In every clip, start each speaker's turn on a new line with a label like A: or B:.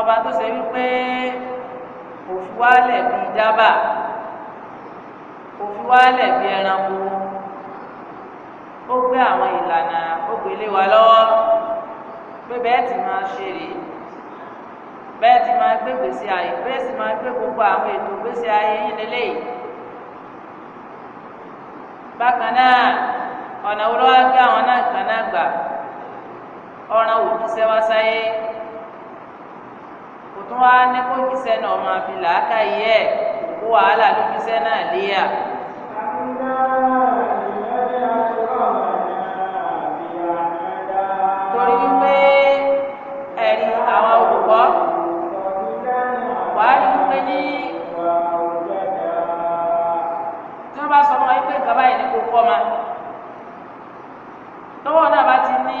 A: ọba tó ṣe wípé òfin wálẹ̀ bí jábà
B: wálẹ̀ bí ẹranko
C: ó gbé àwọn ìlànà ó gbé wa lọ́wọ́
A: pé bẹ́ẹ̀ ṣe rèé bẹ́ẹ̀ ti máa gbé gbèsè bẹ́ẹ̀ sì ètò gbèsè yín lélẹ́yìí bákan náà ọ̀nà wo ló wá kò tún wá ní kó kíṣẹ́ náà máa fi làákà yí ẹ̀
C: kó wàhálà ló kíṣẹ́ náà léyà.
B: torí wípé ẹ̀rí àwọn olùkọ́ wàá rí wípé ní
A: tí wọ́n bá sọ fún wa wípé nǹkan báyìí ní kò kọ́ ma lọ́wọ́ náà bá ti ní.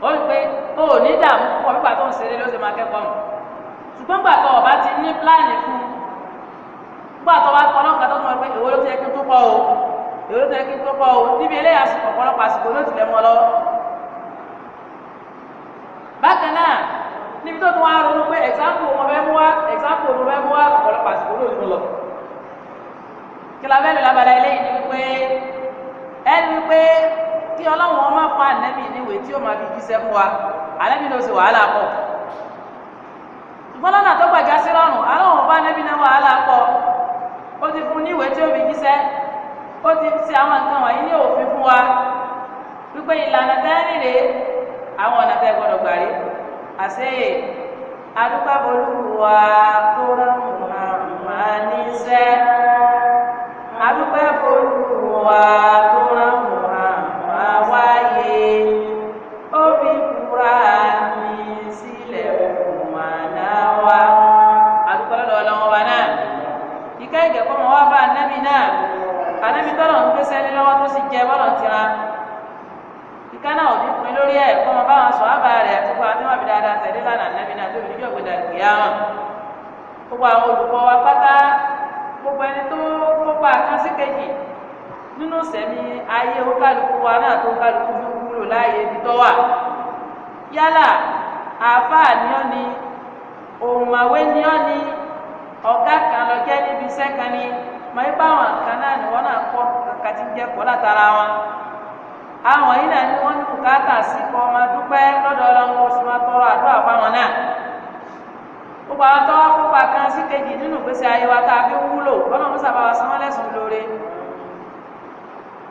A: ó rí pé ó ní dààmú púpọ̀ nígbà tó ń ṣeré ló ṣe máa kẹ́kọ̀ọ́ nù ṣùgbọ́n gbà tó ọba ti ní pílánì fún gbà tó wá kọ́ lọ́kàn tó mọ̀ pé èwo ló ti yẹ kí n tó pọ̀ o èwo ló ti yẹ kí n tó pọ̀ o níbi eléyà ọ̀pọ̀lọpọ̀ àsìkò ló ti lẹ̀ mọ́ lọ́wọ́ bákan náà níbi tó tún wá ronú pé ẹ̀sáǹpù wọn fẹ́ mú wá ẹ̀sáǹpù wọn fẹ́ mú wá ọ̀pọ̀lọpọ̀ àsìkò ló ti lọ kí la fẹ́ lò lábàdá eléyìí ni wípé ẹni tí ọlọ́run ọmọ pa ànábì níwè tí ó máa fi jíṣẹ́ fún wa ànábì ló ṣe wàhálà pọ̀ ṣùgbọ́n lọ́nà tó gbàjá sí rọrùn ọlọ́run ọba ànábì náà wàhálà pọ̀ ó ti fún níwè tí ó fi jíṣẹ́ ó ti ṣe àwọn nǹkan wọ̀nyí ní òfin fún wa wípé ìlànà àwọn ọ̀nà tẹ́ gbọ́dọ̀ gbà rí àṣẹ méjèèjì nínú sẹ̀mí ayé òkàlùkù wa náà tó kálukú fi kúrò láàyè ibi tó wà yálà àáfàá ni ọ́ ni òmàwé ni ọ́ ni ọ̀gá kan lọ jẹ́ níbi iṣẹ́ kan ni mọ̀ ipá àwọn kan náà ni wọ́n náà kọ́ kàkà tí ń jẹ́ kọ́ látara wọn àwọn yìí náà ni wọ́n ní bùkátà sí kọ́ máa dúpẹ́ lọ́dọ̀ ọlọ́run oṣù máa tọrọ àdúrà fáwọn náà gbogbo àwọn tọ́wọ́ kópa kan sí kejì nínú ìgbésí ayé wa tá a fi wúlò lọ́nà mọ́sàbáwa sanwó-ẹlẹ́sùn lóore.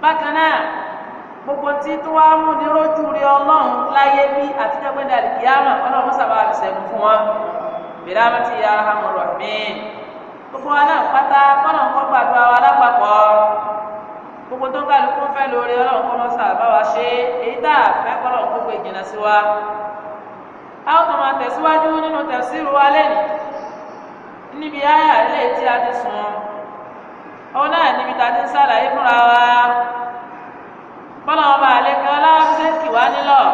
A: bákan náà gbogbo tí tó wá mú ní rójú rí ọlọ́run láyé bí àtijọ́ pé dàlí kìí àmà ọlọ́run sábà fi sẹ́gun fún wọn bèrè àmà ti yára hàn wọn rọ̀ mí gbogbo wa náà pátá kọ́nà ń kọ́ gbàdúrà wa lápapọ̀ gbogbo tó kálukú ń fẹ́ lórí ọlọ́run kọ́ lọ́sà bá wa ṣe èyí tá a fẹ́ kọ́nà ń gbogbo ìjìnà sí wa a ó tàn tẹ̀síwájú nínú tẹ̀síru wa lẹ́nu níbi ayà ilé tí a ti sùn òun náà níbi tá a ti ń ṣàlàyé fúnra wa bọ́lá wọn bá àlékè ọlá bí ṣe ń kì wá nílọ̀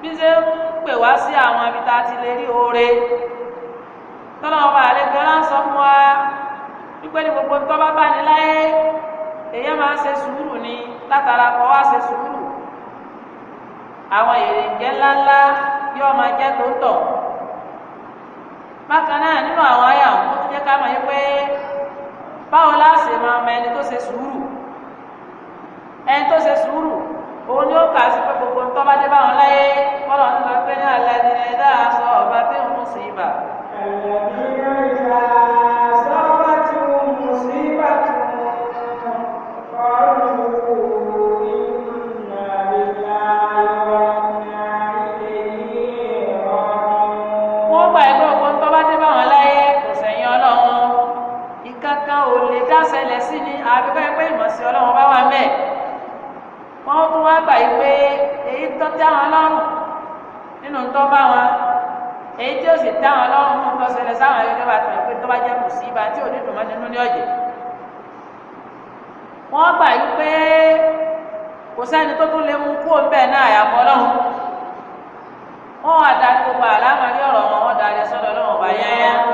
A: bí ṣe ń pè wá sí àwọn ibi tá a ti lè rí oore tọ́lá wọn bá àlékè ọlá ń sọ fún wa wípé ní gbogbo tó bá bá ní láyé èèyàn máa ń ṣe sùúrù ni látara kọ́ wá ṣe sùúrù àwọn èrè ńjẹ́ ńláńlá yóò máa jẹ́ tó tọ̀ bákan náà nínú àwọn àyà òun tó ti jẹ́ ká mọ̀ yí pé báwo láàṣẹ máa mọ ẹni tó ṣe sùúrù ẹni tó ṣe sùúrù òun ni ó kà á sí pé gbogbo ń tọ́ba dé báwọn láyé kọ́nà ń lọ pé ní àlẹ́ ni ẹ̀dá aṣọ ọba tí òun sì bà.
B: ẹ̀yẹ̀ bí yóò ṣá.
A: àbí kọ́ ẹ pé ìmọ̀ sí ọlọ́run bá wà mẹ́ẹ̀ wọ́n
C: tún wá gbà yí pé èyí tó tẹ́ àwọn lọ́rùn nínú tó bá wọn èyí tí ó sì tẹ́ àwọn lọ́rùn nínú tó ṣẹlẹ̀ sáwọn ẹgbẹ́ bá tó
A: yẹ pé tó bá jẹ́ kù sí ibà tí ò ní dùnmọ́ nínú ní ọ̀jẹ̀ wọ́n gbà yí pé kò sẹ́ni tó tún lè mú kú òǹbẹ̀ náà àyàfọ́ lọ́rùn wọ́n wá darí gbogbo àlámọ̀rí ọ̀rọ̀ wọn wọ́n darí sọ́dọ̀ lọ́wọ́ bá yẹ́yẹ́.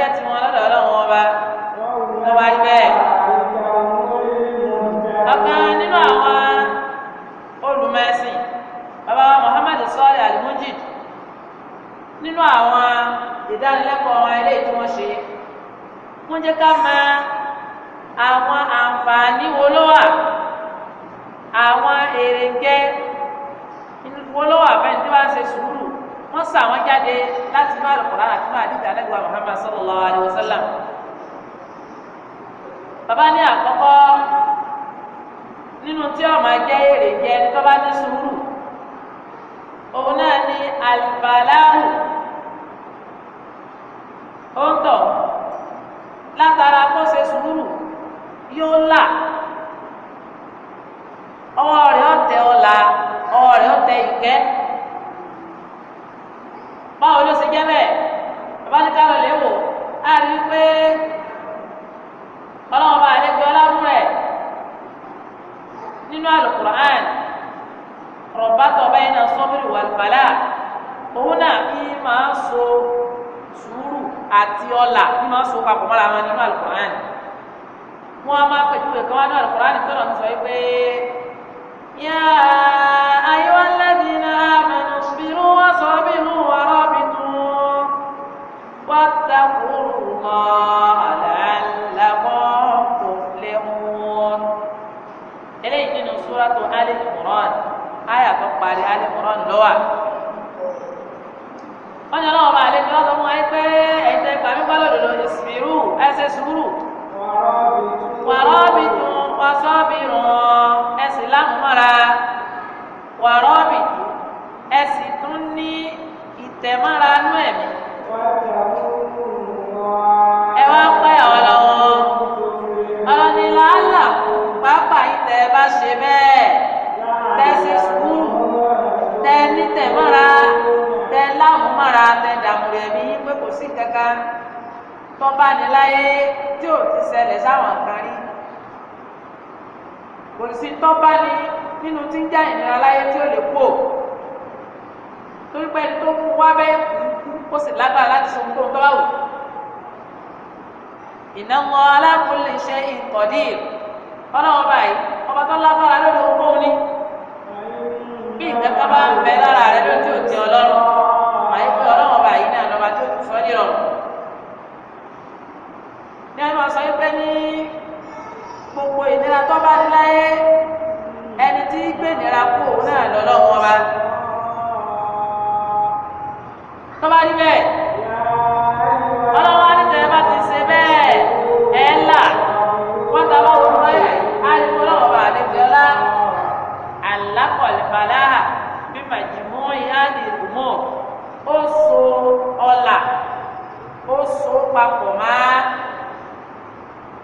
A: jẹ́ tiwọn lọ́dọ̀ ọlọ́run ọba wọ́n wá bẹ́ẹ̀.
B: ọ̀kan nínú àwọn
A: olùmẹ̀sìn bàbá wa Muhammad sọ́ọ̀lì alimujid nínú àwọn ìdánilẹ́kọ̀ọ́ àwọn ilé tí wọ́n ṣe wọ́n jẹ́ ká máa àwọn àǹfààní wo ló wà àwọn èrèǹgẹ́ wo ló wà fẹ́ni tí wọ́n ṣe sùúrù wọ́n sọ àwọn jáde láti máa lọ kọlá àti máa dìtà lẹgbẹwà Muhammad sallallahu alayhi wa sallam bàbá ní àkọ́kọ́ nínú tí ọmọ jẹ èrè jẹ ní tọ́ba ní sùúrù òun náà ní àlùbáláhù ó ń tọ̀ látara kó ṣe sùúrù yóò là ọwọ́ rẹ̀ ọ̀tẹ̀ ọ̀la ọwọ́ rẹ̀ ọ̀tẹ̀ ìkẹ́ báwo ló ṣe jẹ́ bẹ́ẹ̀ bàbá ní ká lọ lè wò á rí i pé ọlọ́run bá àlejò ọlọ́run rẹ̀ nínú alukur'an rọ̀bátọ̀ báyìí náà sọ́bìrì wàlùbálà òun náà kí máa so sùúrù àti ọlà kí máa so papọ̀ mọ́ra wọn nínú alukur'an wọn a máa pẹ̀lú ẹ̀kọ́ wọn nínú alukur'an tó lọ́n sọ pé yá ayé wọn. واتقوا الله لعلكم تفلحون eléyìí nínú súrátù Al-Imran àyà tó parí Al-Imran lọ́wọ́ wọ́n yọ lọ́wọ́ máa lé ní ọdún wọn pé ẹ̀yin tẹ́ gbàmí gbọ́ lòdòdò ìsìmìrú ẹsẹ̀ sùúrù wàrọ́ọ̀bì tún wàsọ́ọ̀bì rán ẹsìn lámúmọ́ra
C: wàrọ́ọ̀bì tún
A: ẹsìn
B: nú ẹ̀mí ẹ wá páyà wá lọ́wọ́ ọlọ́ni làálà pápá yìí tẹ́ ẹ bá ṣe bẹ́ẹ̀ tẹ́ ṣe sùúrù tẹ́ nítẹ̀ mọ́ra tẹ́ láàmú mọ́ra tẹ́ dàmúrò ẹ̀mí
A: pé kò sí kankan tó bá ní láyé tí ò ti ṣẹlẹ̀ sáwọn kan rí kò sí tó bá ní nínú tí ń já ìnira láyé tí ó lè pò torí pé ẹni tó mú wá bẹ́ẹ̀ kú ó sì lágbára láti sọ ohun tó bá wù. Inna Allah ala kulli shay'in qadir ọlọ́wọ́ báyìí ọba tó lágbára lórí ohun ní bí ìtẹ́kọ́ bá ń bẹ lára rẹ lójú òtí ọlọ́run màá pé ọlọ́wọ́ báyìí náà lọ́ba tó ti sọ ní ọ̀run. ní ẹnu ọ̀sán yìí ní gbogbo ìnira tó bá ní láyé
C: ẹni tí gbé ìnira kú òun náà lọ́lọ́wọ́ bá tó bá rí bẹ́ẹ̀ ọlọ́wọ́ ní tẹ̀ bá ti ṣe bẹ́ẹ̀
A: ẹ̀ là wọ́n ta bá wọ́n rẹ̀ àdìgbò lọ́wọ́ bá àdìgbò ọlá àlákọ̀lẹ̀bàlá bí màjìmọ́ ìhádìí ìgbìmọ̀ ó so ọlà ó so papọ̀ máa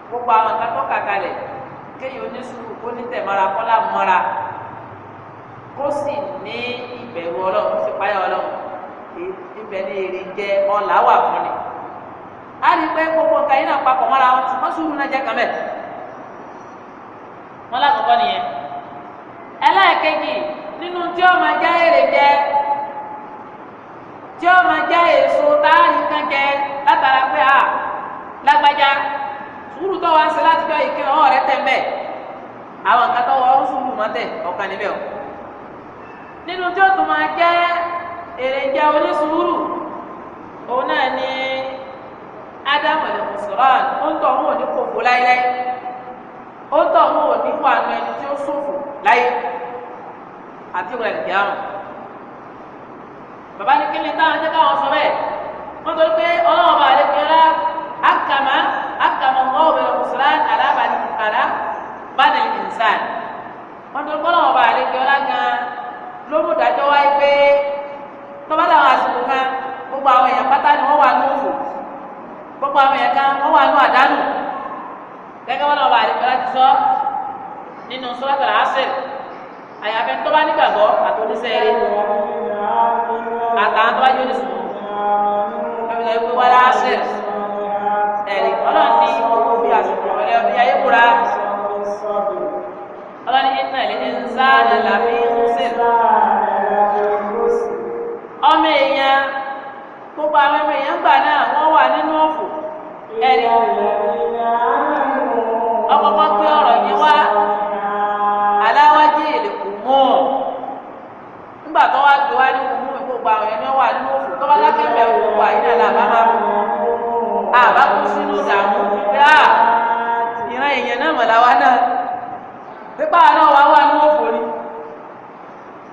A: gbogbo àwọn nǹkan tó kà kalẹ̀ kéèyàn onísùúrù kó ní tẹ̀mọ́ra kọ́lá mọ́ra kó sì ní ìbẹ̀rù ọlọ́run kó sì páyà ọlọ́run bẹ ní èrè jẹ ọ̀là wà fún ni a rí i pé gbogbo nǹkan yìí náà papọ̀ mọ́ra wọn ṣùgbọ́n sùúrù náà jẹ́ kàmẹ́ wọn lákòókò nìyẹn ẹlẹ́ẹ̀kejì nínú tí ó máa já èrè jẹ tí ó máa já èso táàrí kan jẹ látara pé a lágbájá sùúrù tó wá sí láti jọ ìkíni ọ̀rẹ́ tẹ̀ mbẹ́ àwọn nǹkan tó wọ́n sùúrù mọ́tẹ̀ ọ̀kan níbẹ̀ o nínú tí ó tún máa jẹ́ èrè jẹ́ onísùúrù òun náà ni ádámù ẹ̀lẹ́mùsùlán ó ń tọ̀ òun ò ní kòkó láéláé ó ń tọ̀ òun ò ní wà nù ẹni tí ó ṣòfò láyé àti ìwà ìdí àrùn bàbá ní kíni táwọn jẹ́ káwọn sọ bẹ́ẹ̀ wọ́n torí pé ọlọ́wọ́ bá lè fi ọlá akama akama ọmọ òbẹ̀rẹ̀ mùsùlán alábàdì kàrá bánà ìsàn wọ́n torí pé ọlọ́wọ́ bá lè gan ló wáyé pé tọ́ba làwọn àsìkò kan gbogbo àwọn èèyàn pátá ni wọ́n wà ní òfò gbogbo àwọn èèyàn kan wọ́n wà ní àdánù gẹ́gẹ́ wọn lọ́ba àdìgbò láti sọ nínú suratul Asr
C: àyàfẹ́ tọ́ba nígbàgbọ́ àtọ́nísẹ́ eré àtàwọn tọ́ba
A: yóò ní
B: sùn lọ́wọ́ ìwé wọn láṣẹ ẹ̀rí ọlọ́run ní owó bí àsìkò ọ̀rẹ́ ọbí ayé kura
A: ọlọ́run ní
C: ìtàn ìlẹ́ni ń sá àdàlà bí ó ń sè
A: ọmọ èèyàn gbogbo àwọn ọmọ èèyàn gbà náà wọ́n wà nínú òfò ẹni ọkọkọ pé ọ̀rọ̀ yìí wá
B: aláwájú èlè kò mọ ọ
A: nígbà tó wá gbé wá ní kùmú mi gbogbo àwọn ẹni wà nínú òfò tó bá lákẹ́mẹ̀ òkú àyínà làbá máa mú àbá kú sínú ìdààmú pé à
B: ìran èèyàn náà mọ̀ làwa náà
A: pípa àwọn náà wà nínú òfò ni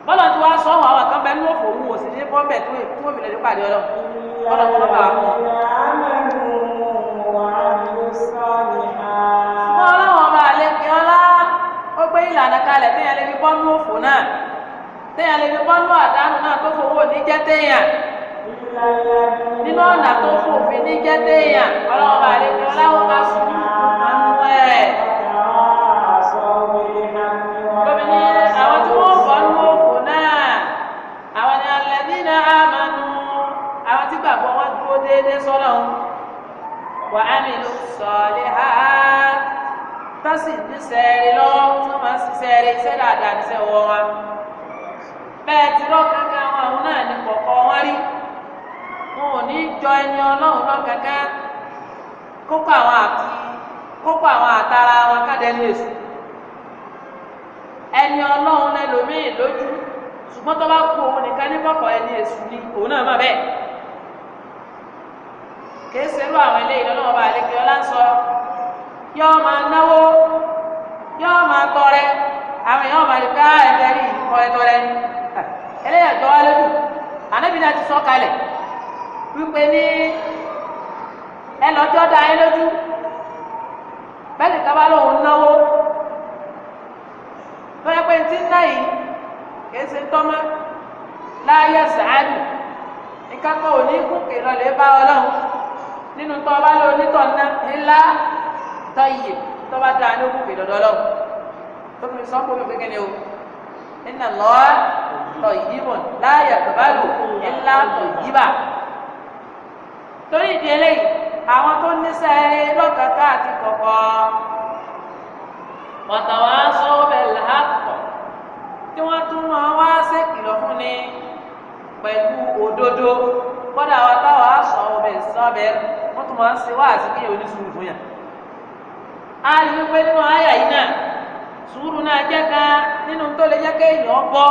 A: bọ́lá tí wàá sọ àwọn kan bẹ́ẹ̀ ní òfò òun ò sì ní bọ́ bẹ́ẹ̀ tó tó mi lẹ́nu pàdé ọlọ́ bọ́lá wọn bá wọn.
B: ṣùgbọ́n ọlọ́wọ́n ọba àlejò ọlá
A: ó gbé ìlànà kalẹ̀ téèyàn lè fi bọ́ ní òfò náà téèyàn lè fi bọ́ ní àdánù náà tó fowó oníjẹ́ téèyàn
C: nínú ọ̀nà tó fòfin níjẹ́ téèyàn ọlọ́wọ́n ọba ọlá ó bá sùn
A: déédéé sọ́nà ń wà á mi ló sọ̀lẹ̀ ha tó sì ní sẹ́ẹ̀rì lọ́wọ́ tó máa sì sẹ́ẹ̀rì iṣẹ́ dáadáa níṣẹ́ wọ́ wa bẹ́ẹ̀ tí lọ́kàkà wọn àwọn náà ní kọ̀ọ̀kan wọn rí wọn ò ní jọ ẹni ọlọ́run lọ́kàkà kókó àwọn àti kókó àwọn àtàrà wọn kádẹ́nu èsù ẹni ọlọ́run lẹ́lòmíì lójú ṣùgbọ́n tó bá kú òun nìkan ní kọ̀kọ̀ ẹni èsù ni òun náà má bẹ́ẹ̀ kìí ṣerú àwọn eléyìí lọ́nà ọba àlekè ọlá ń sọ yọ máa náwó yọ máa tọrẹ àwọn èèyàn máa lè bá ẹgbẹ́ rí tọrẹ ah, tọrẹ ni eléyà jọ wá lójú ànábì náà ti sọ kalẹ̀ wípé ní
C: ẹlọ́jọ́ da yín lójú bẹ́ẹ̀ ni kábàá lòun náwó
A: lọ́yẹ pé ti ń ná yìí kìí ṣe tọ́mọ́ láyé sàádù ìkápá òní kúkè lọ́lẹ́ bá ọlọ́run nínú tó ọba lọ onítọ̀ ná ńlá tọ́yì tó bá dáa ní ogún gbèdọ̀dọ̀ lọ tó fi sọ́n fún mi pé kíni o iná lọ́ tọ̀yì bọ̀ láàyè àgbàdo ńlá tọ̀yì bà torí ìdí eléyìí àwọn tó ní sẹ́ẹ̀rẹ́ lọ́kàkà àti kọ̀kọ́ pàtàwá sọ́wọ́ bẹ̀rẹ̀ láàpọ̀ tí wọ́n tún máa wá ṣèkìlọ̀ fún ni pẹ̀lú òdodo kọ́dà wa táwa sọ ọbẹ̀ sọ́bẹ̀ wọ́n tún máa ń ṣe wá àti kéèyàn oníṣòwò fún yàn. a rí wípé nínú àyà yìí náà sùúrù náà jẹ́ kan nínú tó lè jẹ́ kéèyàn bọ́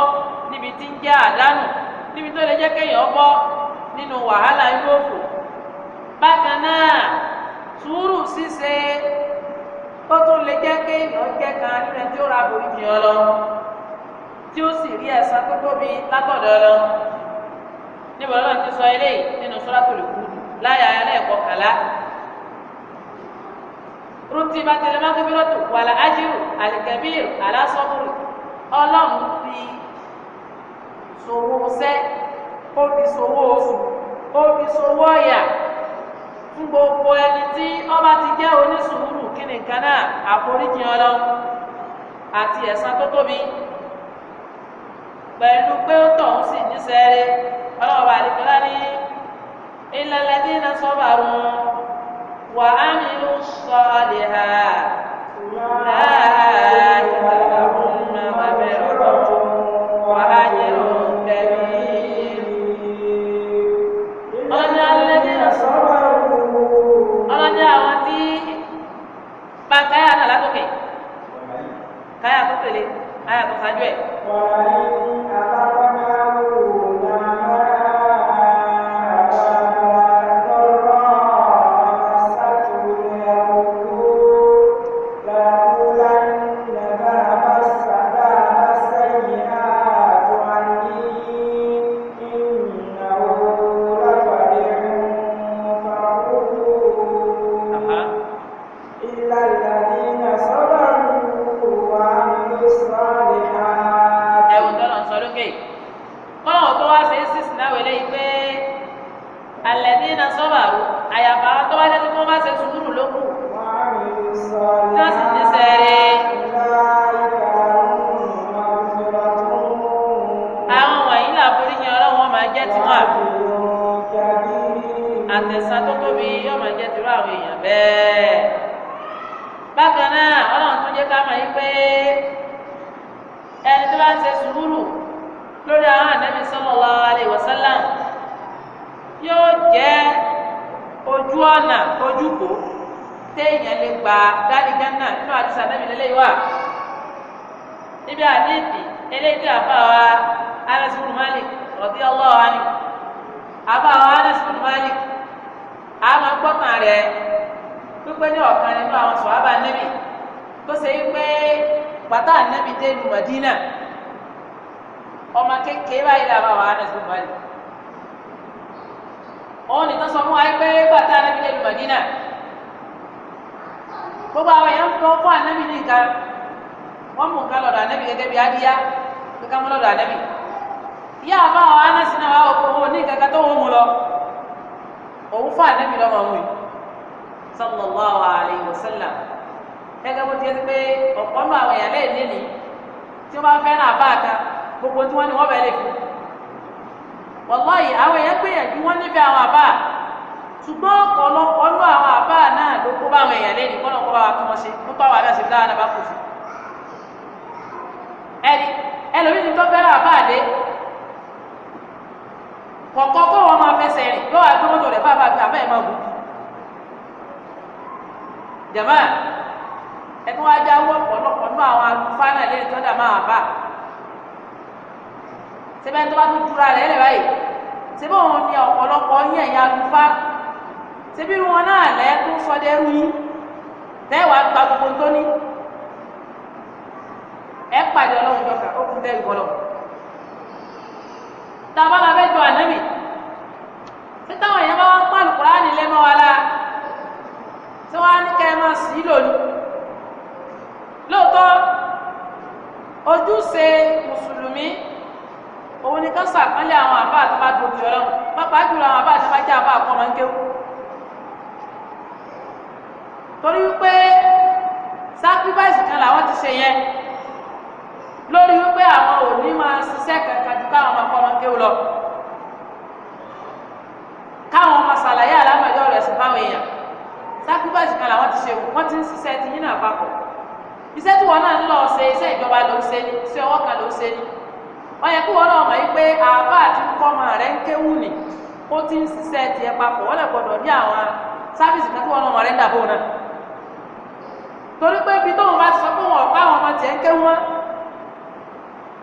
A: níbi tí ń jẹ́ àdánù níbi tó lè jẹ́ kéèyàn bọ́ nínú wàhálà inú òfò. bákan náà sùúrù ṣíṣe ó tún lè jẹ́ kéèyàn jẹ́ kan nínú ẹni tí ó ra àforíjì ọlọ tí ó sì rí ẹ̀san tó tóbi látọ̀dọ̀ ọlọ níbo lọ́wọ́ ti sọ eléyìí nínú Suratul Hud láyà ẹlẹ́ẹ̀kọ́ kàlá rúti bàtẹ́lẹ̀ mákébírọ́tù wàlà ájírù àlìkẹ́bírù alásọ́bùrù ọlọ́run fi sòwò sẹ́ ó fi sòwò oṣù ó fi sòwò ọ̀yà fún gbogbo ẹni tí ọba ti jẹ́ onísùúrù kí nìkan náà àforíjì ọlọ́run àti ẹ̀san tó tóbi pẹ̀lú pé ó tọ̀hún sì níṣẹ́ rí ọlọ́run bá àdìgbọ́lá ní ìlẹ̀lẹ́dí iná sọ́ba rún wà á mi ló sọ lè ha ìlà ìlà ọ̀hún ẹni ẹlòmíì ti tó fẹ́ràn àbáàdé kọ̀ọ̀kan kó wọn máa fẹsẹ̀ rìn yóò wá gbé mọ́tò rẹ̀ fáfá gbé àbẹ́ẹ̀ máa gùn jàmá ẹni wọ́n ajá wọ́ ọ̀pọ̀lọpọ̀ nínú àwọn afáànà lẹ́yìn tó dà máa bá sẹ́bẹ̀ tó bá tún dúra rẹ̀ lẹ́ báyìí sẹ́bẹ̀ òun ni ọ̀pọ̀lọpọ̀ yín ẹ̀yìn alùfáà sẹ́bí wọn náà lẹ́ẹ̀ tó sọdẹ́rú yín tẹ́wàá gba gbogbo tó ní ẹ pàdé ọlọ́run jọkà ó kún tẹ́lẹ̀ bọ́lọ̀ tàbá la fẹ́ jọ ànábì tí táwọn èèyàn bá wá ń pàlù kúránì lẹ́mọ́ wa la tí wọ́n á ní kẹ́ ẹ máa sì í lòlù lóòótọ́ ojúṣe mùsùlùmí òun ni kán sàpánlé àwọn àbá àtàbà dòkì ọlọ́run pápá jùlọ àwọn àbá àtàbà jẹ́ àbá àkọ́ máa ń kéwù torí wípé sacrifice kan làwọn ti ṣe yẹn. lórí wípé àwọn ò ní máa ṣiṣẹ́ kankan ju káwọn máa kọ́nà lọ káwọn máa ṣàlàyé àlámọ̀jọ́ rẹ̀ sí fáwọn èèyàn sacrifice kan làwọn ti ṣe wọ́n ti ń ṣiṣẹ́ ti yín náà papọ̀ iṣẹ́ tí wọ́n náà ń lọ ṣe iṣẹ́ ìjọba ló ṣe ni iṣẹ́ ọwọ́ kan ló ṣe ni wọ́n yẹ kí wọ́n náà mọ̀ wípé àbá àti rẹ̀ ń ó ti ń ṣiṣẹ́ papọ̀ wọ́n lè gbọ́dọ̀ ní àwọn kan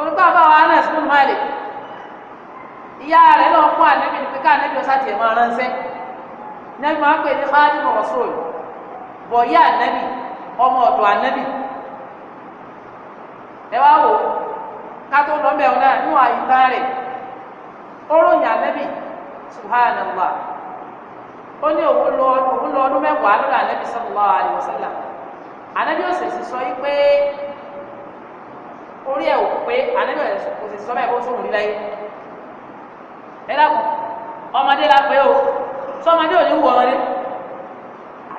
A: olùkọ́ àbá wa Anas bin Malik ìyá rẹ̀ lọ fún anabi ní pípa ànẹ́bí ọ̀sá tiẹ̀ máa ránṣẹ́ nẹ́bí máa pè ní Bọ mọ̀ọ́sọ̀ bọ̀yá ọmọ ọ̀dọ̀ ànẹ́bí ẹ wá wò kátó lọ́mọ ẹ̀hún náà níwọ̀n àyíká rẹ̀ ó ròyìn ànẹ́bí subhanallah ó ní ọdún pé orí ẹ̀ ò pé àníbẹ̀ kò sì sọ́mọ́ ẹ̀ bó sóhun lílẹ̀ yìí ẹ dákun ọmọdé la pé o sọmọdé ò ní wù ọmọdé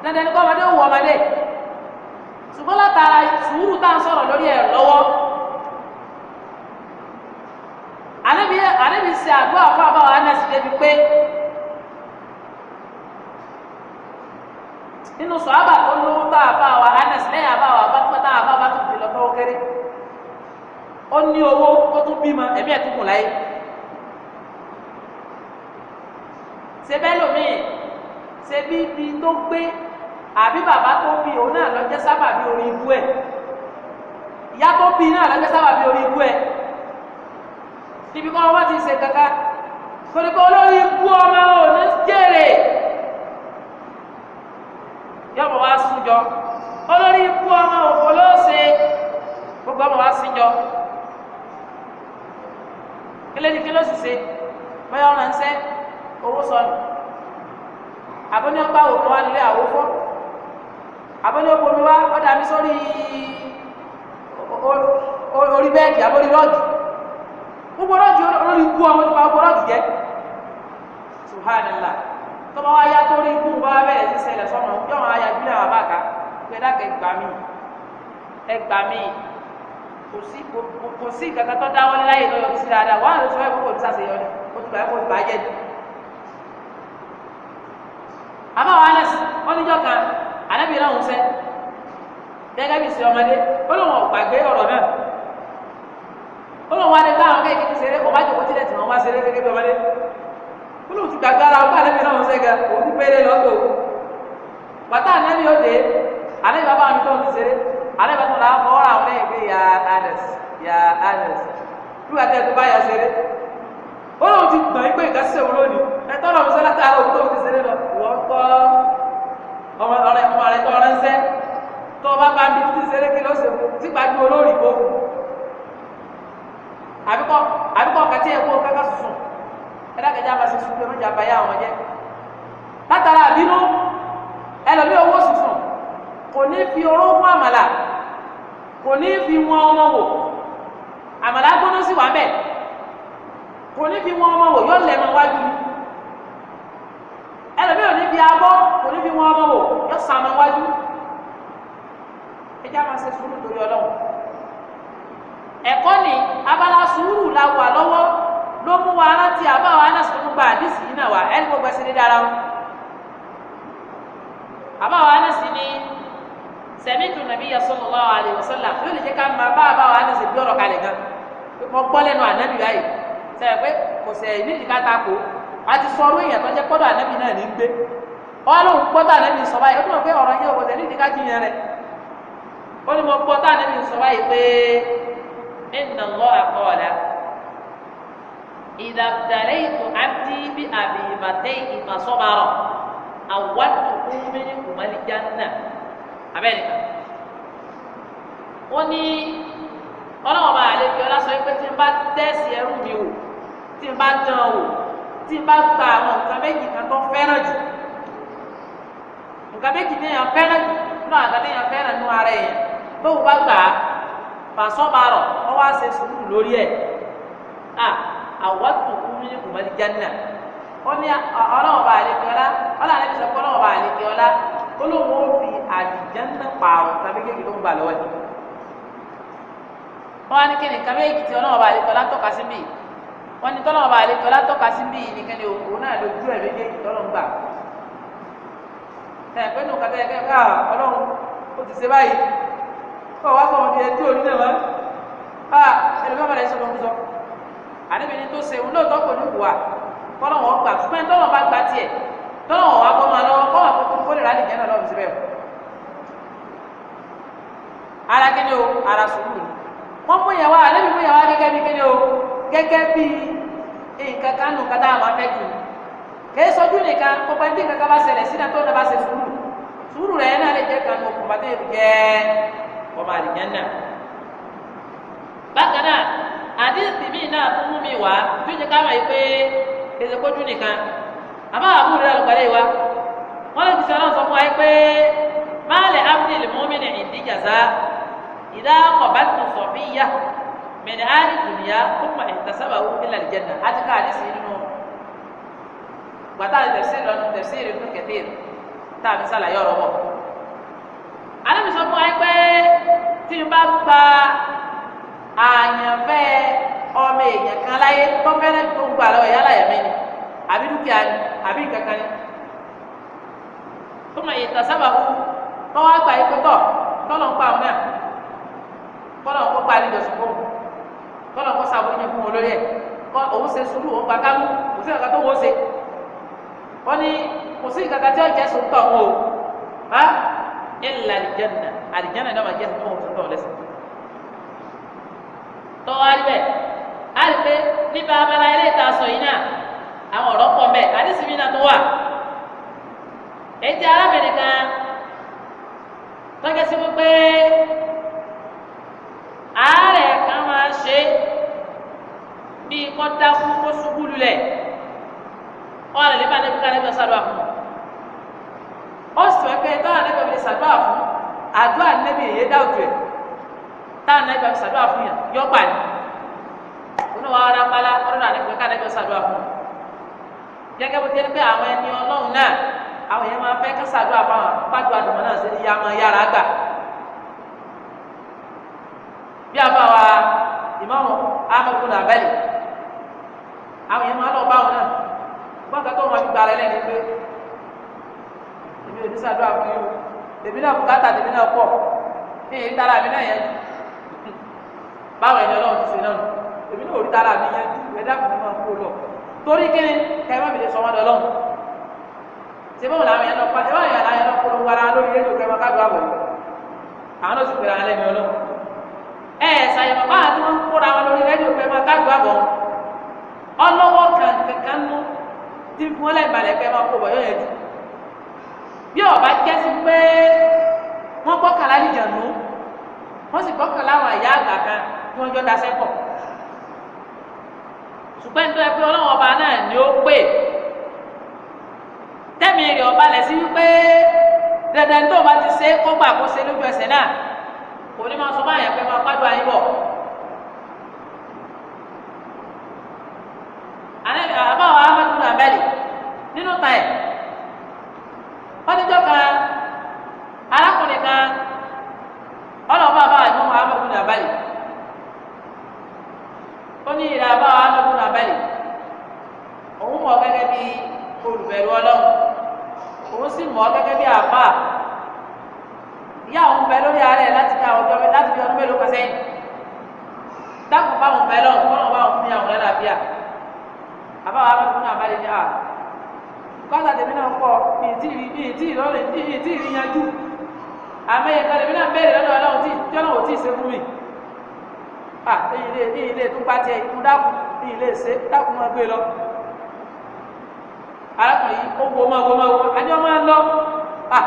A: dandan ni kọ́ ọmọdé wù ọmọdé ṣùgbọ́n látara sùúrù tá à ń sọ̀rọ̀ lórí ẹ̀ lọ́wọ́ àníbi àníbi ṣe àgọ́ àfọ́ àbáwọ̀ anẹ́sì débi pé nínú sọ̀ábà tó lówó tá àbáwọ̀ anẹ́sì lẹ́yìn àbáwọ̀ abákúmọ́tà àbáwọ̀ abákúmọ́tà lọ́tọ́wọ́ kéré ó ní owó ó tún bímọ ẹ̀mí ẹ̀ tún kùn láyé ṣe bẹ́ẹ̀ lómìn ṣe bí ibi tó gbé àbí bàbá tó bí òun náà lọ́jẹ́ sábà bí orí ibú ẹ̀ ìyá tó bí náà lọ́jẹ́ sábà bí orí ibú ẹ̀ níbi kan wọ́n ti ṣe kankan torí pé olórí ikú ọmọ òun jèrè yọmọ wa súnjọ olórí ikú ọmọ òfò ló ṣe gbogbo ọmọ wa síjọ kílẹ̀ ní kílọ̀ sì ṣe bóyá ọ̀ràn ṣẹ́ owó sọnù àbóní ọgbà òkun wa nílé àwò fọ́ àbóní ọgbọmi wa ọ̀dà mi sórí
C: orí bẹ́ẹ̀dì àbórí rọ́ọ̀gì
A: gbogbo rọ́ọ̀gì olórí ikú ọmọ tó bá gbogbo rọ́ọ̀gì jẹ́ subhanallah tọ́ba wa ya tó rí ikú bá bẹ̀rẹ̀ sí ṣẹlẹ̀ sọ́nà yọ̀wọ̀n ayájú lẹ́wọ̀n bá ká pé dákẹ́ gbà mí kò sí kò tó dáwọ́ láyé lọ́yọ̀ sí dáadáa wọ́n á sọ ẹ̀ kókò nísàsẹ̀ yọ ni ó ti bàá kó ti bàá ni. àbá wa alẹ́ oníjọ́ kan anábìyẹ náà ń gẹ́gẹ́ bí ìsìn ó lóun ọ̀gbàgbé ọ̀rọ̀ náà ó lóun wá tilẹ̀ wọ́n wá gẹ́gẹ́ bí ọmọdé ó lóun ti gbàgbára ale bàbá mi tó ti ṣeré ale bàtò la kọ́ ọ́ra àwọn ẹ̀gbẹ́ ya Anas ya Anas bí wàá Tu bá ya ṣeré ó lóun ti gbọ̀n pé nǹkan ṣe wúlò ní ẹ̀tọ́ náà musola tá a lọ òun tó ti ṣeré lọ wọ́n kọ́ ọmọ rẹ ọmọ rẹ tọ́ ránṣẹ́ tó o bá bá mi ti ṣeré kí ló ṣe fún tí gbàgbé olórí kó àbíkọ́ àbíkọ́ kàtí ẹ̀kọ́ kaka sùn ẹ̀dá kẹjá bá ṣe sùn pé mọ́jà bá yá àwọn jẹ́ fi oró mú àmàlà kò ní fi wọn ọmọ wò àmàlà gbóná sí wà bẹ́ẹ̀ kò ní fi wọn ọmọ wò yóò lẹ̀ mọ́ wájú ẹlòmíì ò ní fi abọ́ kò ní fi wọn ọmọ wò yóò sàn mọ́ wájú ẹjẹ́ àwọn ṣe sùúrù torí ọlọ́run ẹ̀kọ́ ni abala sùúrù la wà lọ́wọ́ ló mú wa rántí àbá wa náà sọ gbogbo àdìsí yìí náà wà ẹni gbogbo ẹsẹ̀ ní dára o àbá wa náà sì ni sẹ̀mí tún nàbí yà sallallahu alaihi wasallam yóò lè jẹ́ ká máa bá àbáwá ní sèbí ọ̀rọ̀ kalẹ̀ gan mọ gbọ́ lẹ́nu ànábì báyìí sẹ́yìn pé kò sẹ̀ nídìí ká ta kó a ti sọ ọdún èèyàn tó jẹ́ náà ní gbé wọn lóun gbọ́ tá ànábì sọ báyìí ó túnbọ̀ pé ọ̀rọ̀ yẹn kò sẹ̀ ká jiyàn rẹ̀ ó ní mo gbọ́ tá ànábì sọ báyìí pé inna Allaha qala idha ibtalaytu abdi bi àbí ìbàtẹ́ ìmàsọ́bàrọ̀ àwọn tó kú mí ní kùmálí jannah abẹ́nìkan ó ní ọlọ́wọ́n bá àlejò ọlá sọ pé tí n bá tẹ́sí ẹrú mi wò tí n bá dán wò tí n bá gba àwọn nǹkan méjì kan tó fẹ́ràn jù nǹkan méjì téèyàn fẹ́ràn jù nínú àgbà téèyàn fẹ́ràn nínú ara èèyàn bóun bá gbà á fàṣọ́bàrọ̀ wọ́n wá ṣe sùúrù lórí ẹ̀ àwọn tó kú nínú kùmọ̀lì jánà ó ní ọlọ́wọ́n bá àlejò ọlá ọlọ́wọ́n bá àlejò ọlá ó lóun ó fi àlìjánná pààrọ̀ tàbí kéèkì tó ń gbà lọ́wọ́ ẹ̀ wọ́n á ní kí nìkan méjì tí ọlọ́wọ́ bá àlejò látọ́ka sí bì wọ́n ní tọ́lọ́wọ́ bá àlejò látọ́ka sí bì nìkan ni òkú náà lójú ẹ̀ méjèèjì tọ́lọ́ ń gbà ẹ̀ pé nù kàtà ẹ̀kẹ́ ká ọlọ́run ó ti ṣe báyìí kọ́ wá sọ ọmọdé tí òní náà wọ́n bá ẹlòmíràn bá lè ṣe lóhun sọ àníbi ni tó ṣe òun lóòótọ́ kò ní wùwà kọ́lọ́wọ́n gbà fún ẹ̀ tọ́lọ́wọ́n bá gbà tiẹ̀ tọ́lọ̀ wà kọ́ máa lọ́wọ́ kọ́ àkókò kó lè rà lè jẹ́nà lọ́wọ́ síbẹ̀ ara kíni o ara sùúrù ni wọ́n mú ìyàwó àlẹ́bí mú ìyàwó gẹ́gẹ́ bí kíni o gẹ́gẹ́ bí nǹkan kan nù kátà àwọn afẹ́jù kìí sọjú nìkan kópa ní nǹkan kan bá ṣẹlẹ̀ sínú àtọ́ náà bá ṣe sùúrù sùúrù rẹ̀ náà lè jẹ́ kan nù kùn bàtẹ́ ìlú gẹ́ẹ́ ọmọ àlìjẹ́nà bákan náà àdéhùn tìmí náà fún mi wá tó jẹ́ káwọn yìí pé kìí àbá àbúrò rẹ̀ lùpàdé wa wọ́n lè ti sọ ọlọ́run sọ fún wa pé máàlẹ̀ abdul mọ́mìnì ìdíjàzá ìdá ọ̀bátún sọ̀bíyà mẹ̀nẹ̀ áàrí dùnìyà kúmọ̀ ìtàsábà wù ilẹ̀ àlìjẹ̀nà àti káàdì sí nínú gbàtà tẹ̀sí lọ́nu tẹ̀sí ìrìnnú kẹfẹ́ tàbí sàlàyé ọ̀rọ̀ wọ̀. alẹ́ mi sọ fún wa pé tí n bá gba àyànfẹ́ ọmọ èèyàn kan láyé tó fẹ́rẹ́ gbogbo àlọ́ ìyá láyà mẹ́ni àbí dúkìá ni àbí kankan ni túmọ̀ ìtàsábà kú
C: wọ́n wá gba ikú tọ̀
A: tọ́lọ̀ ń pa àwọn náà kọ́lọ̀ ń kó pa àlejò sùn fún kọ́lọ̀ ń kó sàbóyún yẹn fún wọn lórí ẹ̀ kọ́ òun ṣe sùúrù òun gba kámú kò sí nǹkan tó wọ́n ṣe wọ́n ní kò sí nǹkan tí wọ́n jẹ́ sùn tọ̀ wọn o bá ilà àlìjẹ́nà àlìjẹ́nà náà máa jẹ́ sùn tọ̀ sùn tọ̀ lẹ́sìn tọ́wọ́ alẹ́ alẹ́ abala ilé sọ yìí náà àwọn ọ̀rọ̀ pọ̀ mẹ́ẹ̀ àdìsí mi náà tó wà ètí arábìnrin kan tọ́jú sí wípé àárẹ̀ kan máa ṣe bíi kọ́ dákú kó ṣubú lulẹ̀ ọ̀rẹ́ lè bá níbi ká lẹ́gbẹ̀ẹ́ sàdúrà fún ó sì wọ́n pé tọ́lá lẹ́gbẹ̀ẹ́ mi lè sàdúrà fún àdúrà níbi èyí dá òtù ẹ̀ táwọn lẹ́gbẹ̀ẹ́ mi sàdúrà fún yàn yọ́ pàdé oníwàá ara pálá ọdún àlẹ́gbẹ̀ẹ́ ká lẹ́gbẹ̀ẹ́ sàdúrà fún un gẹ́gẹ́ bó ti ẹni pé àwọn ẹni ọlọ́run náà àwọn èèyàn máa fẹ́ kásàdúrà fáwọn pàdùn àdùnmọ́ náà sí ìyá máa yára gbà bí a bá wa ìmáàmù amẹ́kùn náà bẹ́ẹ̀ àwọn èèyàn máa lọ bá wọn náà wọ́n kẹ́kọ̀ọ́ wọn fi gba ara ẹlẹ́ni pé èmi ò ní sàdúrà fún yín o èmi náà bùkátà tèmi náà pọ̀ kí èyí tara mi náà yẹn báwọn ẹni ọlọ́run ti ṣe náà èmi náà ò rí tara mi yẹn ẹ̀dá kò ní máa kú lọ torí kí ni kẹ́ ẹ má bìlẹ̀ sọmọdé ọlọ́run sebo wọn làwọn yẹn lọ pa ẹ wọn yẹn lọ polongo ara lórí rédíò kẹ́ ẹ má ká gbà wọlé àwọn náà sì pèrè alẹ́ mi ọlọ́run ẹ ẹ sàyẹn bàbá àti wọn kóra wọn lórí rédíò kẹ́ ẹ má ká gbà wọ ọlọ́wọ́ kankan nù tí fún ọlẹ́gbàlẹ̀ kẹ́ ẹ má kó bọ̀ yọ yẹn dùn bí ọba jẹ́ sí pé wọ́n gbọ́kànlá nìjànú wọ́n sì gbọ́kànlá àwọn àyà àgbà kan tí wọ́n jọ dasẹ́ pọ̀ ṣùgbọ́n nítorí pé ọlọ́run ọba náà ni ó pè tẹ́mi rẹ̀ ọba lẹ̀ sí wípé dandan tó o bá ti ṣe kó gbà kó ṣe lójú ẹsẹ̀ náà
C: kò ní máa sọ báyẹn pé máa pàdé ayé bọ̀.
A: àbáwọ̀ ahmadu abẹ́lì nínú ta ẹ̀ wọ́n ti jọ́ kan arákùnrin kan ọlọ́ọ̀bá àbáwọ̀ ìmọ̀ ahmadu abẹ́lì ó ní ìlà báwa lọ́kùnrin abẹ́lẹ̀ òun mọ̀ gẹ́gẹ́ bí olùbẹ̀rù ọlọ́run òun sì mọ̀ gẹ́gẹ́ bí àbá ìyá òun bẹ lórí ààrẹ láti ká ọjọ́ mi láti fi ọdún mélòó kan sẹ́yìn dákùn báwọn bẹ lọ́run kọ́ lọ́wọ́ báwọn fún yàwọn lálàáfíà àbá wa fẹ́ fún àbálẹ̀ ní à kọ́sà tèmi náà pọ̀ mi ì tí ì mi ì tí ì lọ́rẹ̀ mi ì tí ì rí yanjú àmọ́ ìyẹn kan tèmi náà bẹ̀rẹ̀ lọ́dọ̀ ọlọ́run tí ìjọ́nà ò tí ì ṣe fún à ah, ilé ilé tó bá tiẹ̀ ikú dákun ilé ṣe dákun máa gbé lọ. arákùnrin yìí ó wo máa wo máa wo àní ọmọ ẹ lọ à ah.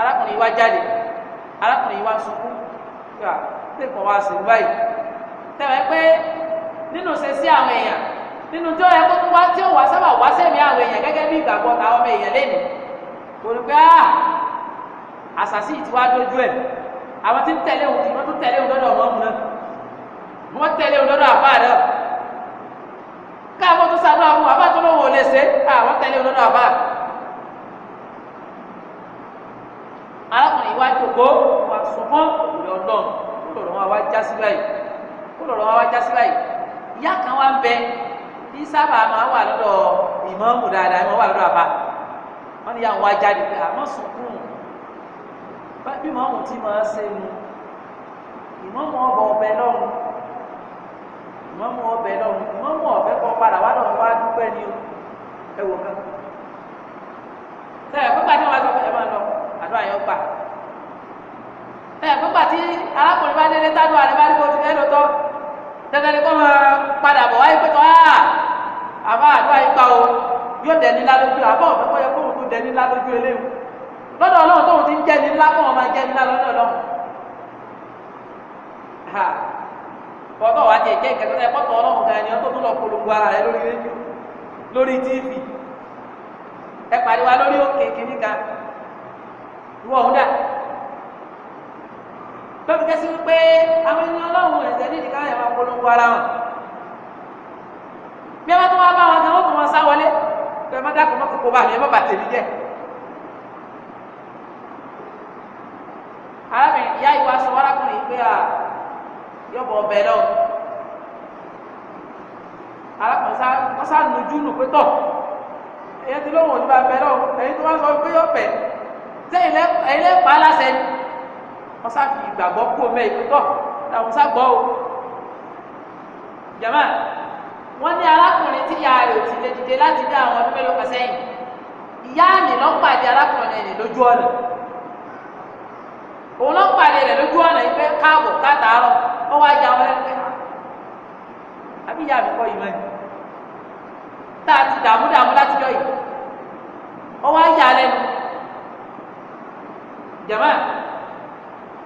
B: arákùnrin yìí wá jáde
A: arákùnrin yìí wá sunkún kí wà tẹ̀kọ̀ wá sí báyìí tẹ̀wẹ́ pé nínú ṣe sí àwọn èèyàn nínú tí ó yẹ kó wá tí ó wá sábà wá sẹ́mi àwọn èèyàn gẹ́gẹ́ bí ìgbàgbọ́ táwọn ọmọ èèyàn lé kò ní pẹ́ ah, àṣàṣì tí wàá dojú ẹ̀ àwọn tí ń tẹ̀lé òun wọ́n tún tẹ̀lé òun lọ́dọ̀ ọ̀rọ̀ ọ̀hún náà wọ́n tẹ̀lé òun lọ́dọ̀ àbá náà káàbọ̀ tó sanu àwọn àbá tó lówó lè ṣe àwọn tẹ̀lé òun lọ́dọ̀ àbá. arákùnrin wa jòkó wa sọmọ òun lọ kó lọ́rọ̀ wọn wá já sí báyìí kó lọ́rọ̀ wọn wá já sí báyìí ìyá kan wá ń bẹ ní sábà máa wà lọ́dọ̀ ìmọ̀ọ́mù dáadáa ìmọ̀ọ́mù wà lọ́dọ̀ àbá wọ́n ní yà wọ́n wá jáde pé àmọ́ sùn kún un bí màmú tí màá ṣe nu ìmọ̀mú ọbẹ̀ ọbẹ̀ lọ́hùn ìmọ̀mú ọbẹ̀ lọ́hùn ìmọ̀mú ọ̀fẹ́ kan padà wá lọ́hùn wá dúpẹ́ ni o ẹ wò pípa tí wọ́n sọ pé máa lọ àdó àyàn gbà. sẹ́yìn pípa tí arákùnrin bá délé tádùn àrẹ bá dúró ti fẹ́ lọ́tọ́ dandan ni kó máa padà bọ̀ wáyé pẹ̀tọ́ áà àbá àdó àyíká o yóò dẹ̀ ní lálójú àbá ọ̀fẹ́ lọ́dọ̀ ọlọ́run tóun ti ń jẹ́ ni ńlá kó wọn máa jẹ́ ńlá lọ́dọ̀ ọlọ́run bọ́tọ̀ wá jẹ́ ìkẹ́kẹ́ rẹ bọ́tọ̀ ọlọ́run gan ni ọ́ tó tún lọ polongo ara rẹ lórí rédíò lórí tíìfì ẹ pàdé lórí òkè kìnnìkà wọ ọ̀hún dà lọ́bi kẹ́sí wípé àwọn ènìyàn ọlọ́run ẹ̀sẹ̀ nídìí ká yẹ máa polongo ara wọn bí ẹ bá tún wá bá wọn gan ó tún wọn sá wọlé ẹ má dákun mọ́ kókó bá mi ẹ má bàtẹ́ mi jẹ́ ìyá ìwà sọ wárákùnrin pé à yọ̀bọ̀ ọbẹ̀ lọ. arákùnrin wọ́n sá nujú nù pé tọ̀ èyí ti lóhùn òní bá bẹ̀ lọ èyí tó wá sọ pé yọ̀ bẹ̀ sẹ́yìn lẹ́ pa á láṣẹ ni wọ́n sá fi ìgbàgbọ́ kú omi ẹ̀ pé tọ̀ làwọn sá gbọ́ o. jama wọ́n ní arákùnrin tí ìyá rẹ̀ ti lè dìde láti dá àwọn ọdún mélòó kan sẹ́yìn ìyá àná lọ́pàdé arákùnrin ẹ̀ lójú ọ̀nà òun ló pàdé rẹ̀ lójú ọ̀nà ìfẹ́ káàbọ̀ kátàárọ̀ ó wá ya wọn lẹ́nu pé àbí ah, mi kọ́ ìmọ̀ ẹ̀ tá a ti dààmú dààmú látijọ́
C: yìí ó wá ya lẹ́nu
A: jàmá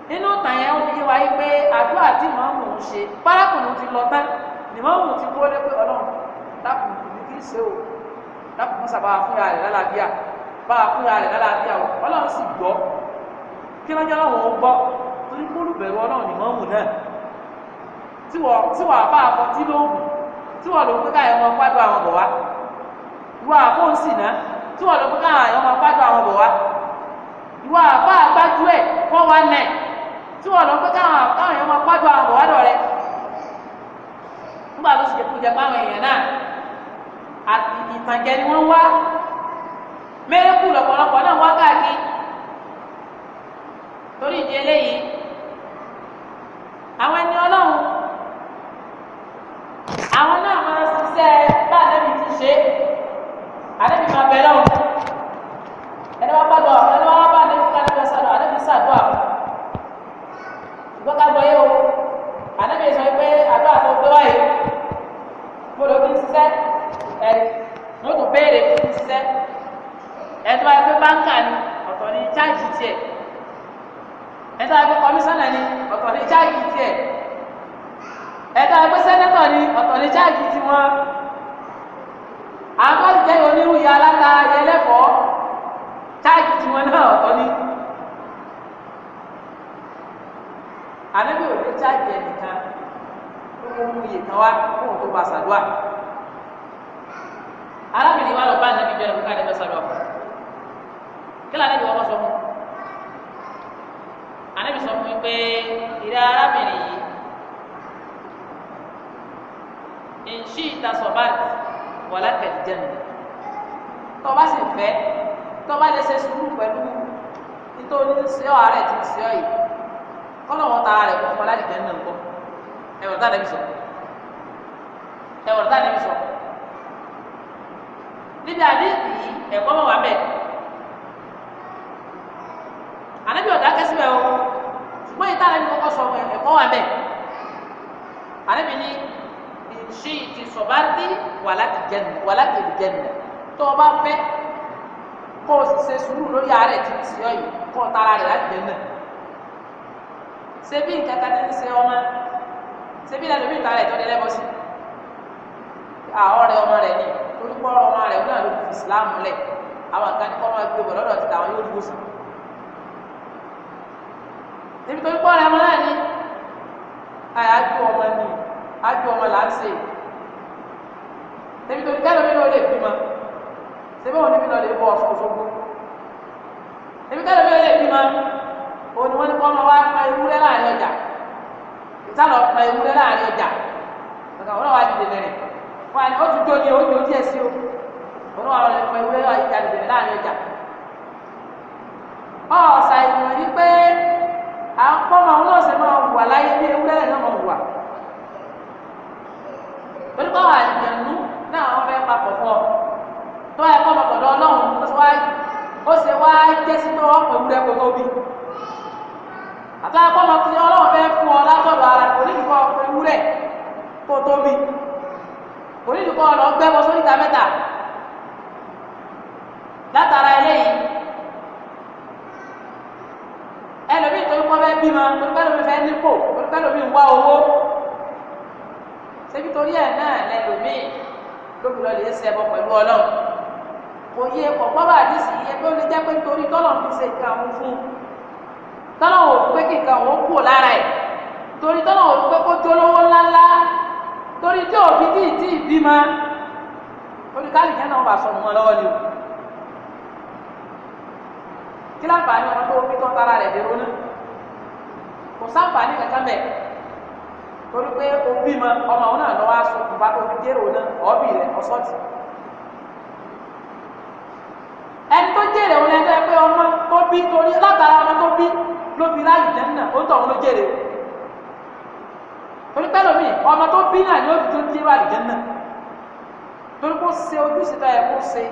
A: nínú ìtàn yẹn ó fi yé wa pé àdúrà tí màmú ń ṣe párákùnrin ti lọ tán ni màmú ti kúrò lé pé ọlọ́run dákùn ní kí n ṣe o dákùn sábà fúnra rẹ̀ lálàáfíà bá a fúnra rẹ̀ lálàáfíà o ọlọ́run sì gbọ́ kí wọ́n jẹ́ láwọn ò gbọ́ torí kó olùbẹ̀rù ọlọ́run ní mọ́mù náà tí wọ́n tí wọ́n àbá àkọ tí ló wù tí wọ́n lò pé káyọ̀ ọmọ pádùn àwọn bọ̀ wá ìwọ àfóhùn sì ná tí wọ́n lò pé káyọ̀ ọmọ pádùn àwọn bọ̀ wá ìwọ àbá àgbájú ẹ̀ kọ́ wa nẹ̀ tí wọ́n lò pé káyọ̀ ọmọ pádùn àwọn bọ̀ wá dọ̀rẹ́ nígbà tó sì jẹ́ kó jẹ́ èèyàn náà àti
C: ìtànjẹ ni wọ́n wá
A: mẹ́rẹ́kù lọ́pọ̀lọpọ̀ náà wá káàkiri torí ìdí eléyìí àwọn ẹni ọlọ́run àwọn náà máa ṣiṣẹ́ bá àdébì ti ṣe àdébì máa bẹ̀ lọ́wọ́ ẹni wá bá lọ ẹni wá bá àdébì ká lọ́wọ́ sàdọ̀ àdébì sàdọ̀ àwọn ṣùgbọ́n ká gbọ́ yé o àdébì sọ pé àdó àtọ́ gbé wáyé mo lò kí n ṣiṣẹ́ ẹ̀ mo kò béèrè kí n ṣiṣẹ́ ẹ̀ tó wáyé pé báńkà ni ọ̀tọ̀ ni chájì tiẹ̀ ẹ̀dá ẹgbẹ́ kọmíṣánná ni ọ̀tọ̀ ní jáàgì tiẹ̀ ẹ̀dá ẹgbẹ́ sẹ́nẹ́tọ̀ ni ọ̀tọ̀ ní jáàgì tiwọn
C: àwọn ìjẹ́ onírúyà aláta ẹlẹ́fọ̀ọ́
A: jáàgì tiwọn náà ọ̀tọ̀ ni ànábì òde jáàgì ẹnìkan ó mú iye kan wá fún òun tó bá ṣàdúrà arábìnrin wa lọ bá ànábì bẹ́ẹ̀ lọ́kàn ẹ̀dẹ́gbẹ́sàdúrà kí lànà ìwọ́n sọ fún un anabi sọ fún mi pé ìrẹ arábìnrin yìí nṣí ìtasọ̀bát wàlá kẹ̀lìjẹ́nu
B: tọ́ba sì fẹ́
A: tọ́ba lè ṣe sùúrù pẹ̀lú nítorí ṣé ọ̀ ààrẹ ti ṣe ọ̀ yìí kọ́lọ́wọ́ ta rẹ̀ kó fún aládìgbẹ́ náà kọ́ ẹ̀wọ̀n tá anabi sọ ẹ̀wọ̀n tá anabi sọ níbi àdéhùn yìí ẹ̀kọ́ mọ̀ wá bẹ́ẹ̀ ànábì ọ̀dà kẹsíbẹ̀ o ṣùgbọ́n ìta ànábì kọ́kọ́ sọ ẹ̀kọ́ wà bẹ́ẹ̀ ànábì ní ṣí ti sọ̀bárìtì wàlákì ìjẹ̀nà tó o bá fẹ́ kó o sì ṣe sùúrù lórí àárẹ̀ tí ti ọ̀ yìí kó o tara rẹ̀ láti jẹ̀ náà ṣé bí nǹkan kan ti ń ṣe ọmọ ṣé bí lẹ́nu mi tara ẹ̀ tó dé lẹ́bọ̀ sí àọ́rẹ̀ ọmọ rẹ̀ ni orúkọ ọmọ rẹ̀ náà ló fi Islam lẹ̀ àwọn kan ní kọ́ bọ̀ lọ́dọ̀ ti tàwọn yóò dúró sí i níbi tó ń pọ̀ rẹ̀ mọ́ náà ni àyájú ọmọ ni àjú ọmọ là ń ṣe níbi tó ń kẹ́lò mi lọ lè bímọ síbí òun níbi lọ lè bọ̀ ọ̀ṣun Òṣogbo níbi kẹ́lò mi lè bímọ òun ni wọ́n ní kọ́ ọmọ wa pa ewúrẹ́ láàrin ọjà ìtàlọ̀ pa ewúrẹ́ láàrin ọjà ọ̀gá òun náà wá dìde mẹ́rin wọ́n á ní ó tún jó ni ó jó díẹ̀ sí o òun náà wá lọ pa ewúrẹ́ láàrin ọjà ọ̀sà ìmọ̀ yìí pé à ń pọ́ máa wọn náà ṣe máa wà láyé bí ewúrẹ́ náà máa wà torí báwọn àjẹnú náà wọn fẹ́ papọ̀ fọ́ tó wáyé pọ́ mọ̀tọ̀dọ̀ ọlọ́run ó ṣe wá jẹ́ sí pé wọ́n pè wúrẹ́ kó tóbi àtàwọn akọ́mọ tí ọlọ́run fẹ́ fún ọ látọ̀dọ̀ ara kò ní ìdíkọ́ pé wúrẹ́ kó tóbi kò ní mẹ́ta.
C: bímọ olùkọ́lùmí fẹ́ nípò
A: olùkọ́lùmí ń wá owó ṣébi torí ẹ̀ náà lẹ́lòmíì lóbi lọ́ọ́ lè ṣe ẹbọ pẹ̀lú ọlọ́run kò yẹ kọ̀ọ̀pọ̀ bá àdìsí yẹ pé ó lè jẹ́ pé nítorí tọ́lọ̀n fi ṣe nǹkan òun fún un tọ́lọ̀n ò pé kí nǹkan òun kù lára ẹ̀ torí tọ́lọ̀n ò pé kó tó lówó ńláńlá torí tí ò fi tíì tíì bímọ oníkálì jẹ́ náà wà sọ̀rọ̀ wọn lọ́wọ́ ni o kí láǹfààní ọmọ tó fi tọ́ tara rẹ̀ dèrò náà kò sáǹfààní kankan bẹ́ẹ̀ torí pé o bí ma ọmọ àwọn náà lọ́wọ́ aṣọ kùbá tó fi dérò náà ọ̀bì rẹ̀ ọ̀sọ́tì ẹni tó jèrè òun lẹ́gbẹ́ pé ọmọ tó bí torí látara ọmọ tó bí ló fi láàyè jẹ́ náà ó ń tọ̀ òun ló jèrè torí pẹ́ lómi ọmọ tó bí náà ni ó fi tó dé láàyè jẹ́ náà torí kó ṣe ojúṣe tó yẹ kó ṣe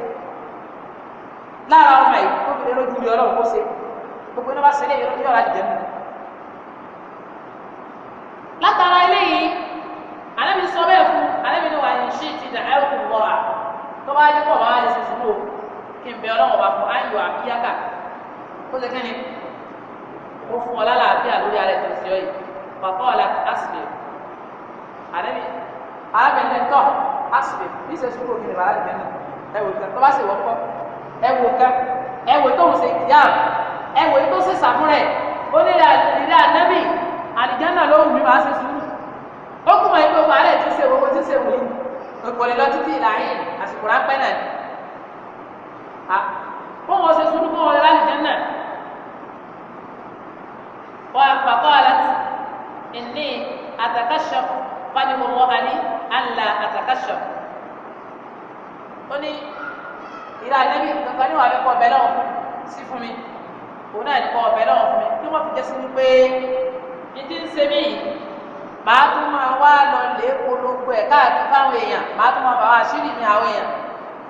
A: lára ọmọ yìí tó fi lé lójú rí ọlọ́run kó ṣe gbogbo iná bá ṣe lé ìrọ́jú ọ̀la jẹ́ náà látara eléyìí alẹ́mi sọ bẹ́ẹ̀ fún alẹ́mi ni wà ní ṣí ti dà ẹ́ kò wọ́ra tó bá yẹ kó bá yẹ sísun lò kí n bẹ ọlọ́wọ́ bá fún ayò àbíyáká ó ṣe kẹ́ni ó fún ọlá làbíyà lórí alẹ́ tó ṣe ọ yìí bàbá ọ̀la asibẹ̀ alẹ́mi
B: arábìnrin tọ́
A: asibẹ̀ bí ṣe sùúrù òkè nìbàrà ìgbẹ́ náà ẹ wò ká tó bá ṣe wọ́pọ̀ ẹ wò ká ẹ wò tó ń ṣe ìyá ẹ wò tó ṣe sàmúrẹ̀ ó ní ìrẹ́ ànábì àlìjánà ló wù mí máa ṣe sùúrù ó kù mọ́ ẹgbẹ́ ọgbà rẹ̀ tí ń ṣe owó tí ń ṣe wòlíì òkòlè lọ títí ìlàyìn àsìkò ráńpẹ́ náà ni wọ́n wọ́n ṣe sùúrù fún wọn lálìjánà wọ́n àpapọ̀ aláti ìní àtàkàṣọ fanimu wọ́hání àlà àtàkàṣọ ó ní ìlà àdébí nǹkan ní wàá fẹ́ kọ́ ọbẹ̀ lọ́wọ́ sí fún mi òun náà ní kọ́ ọbẹ̀ lọ́wọ́ fún mi kí wọ́n fi jẹ́ sí wípé ní ti ń ṣe mí màá tún máa wá lọ lè polongo ẹ̀ káàkiri fáwọn èèyàn màá tún máa bá wa ṣírí mi àwọn èèyàn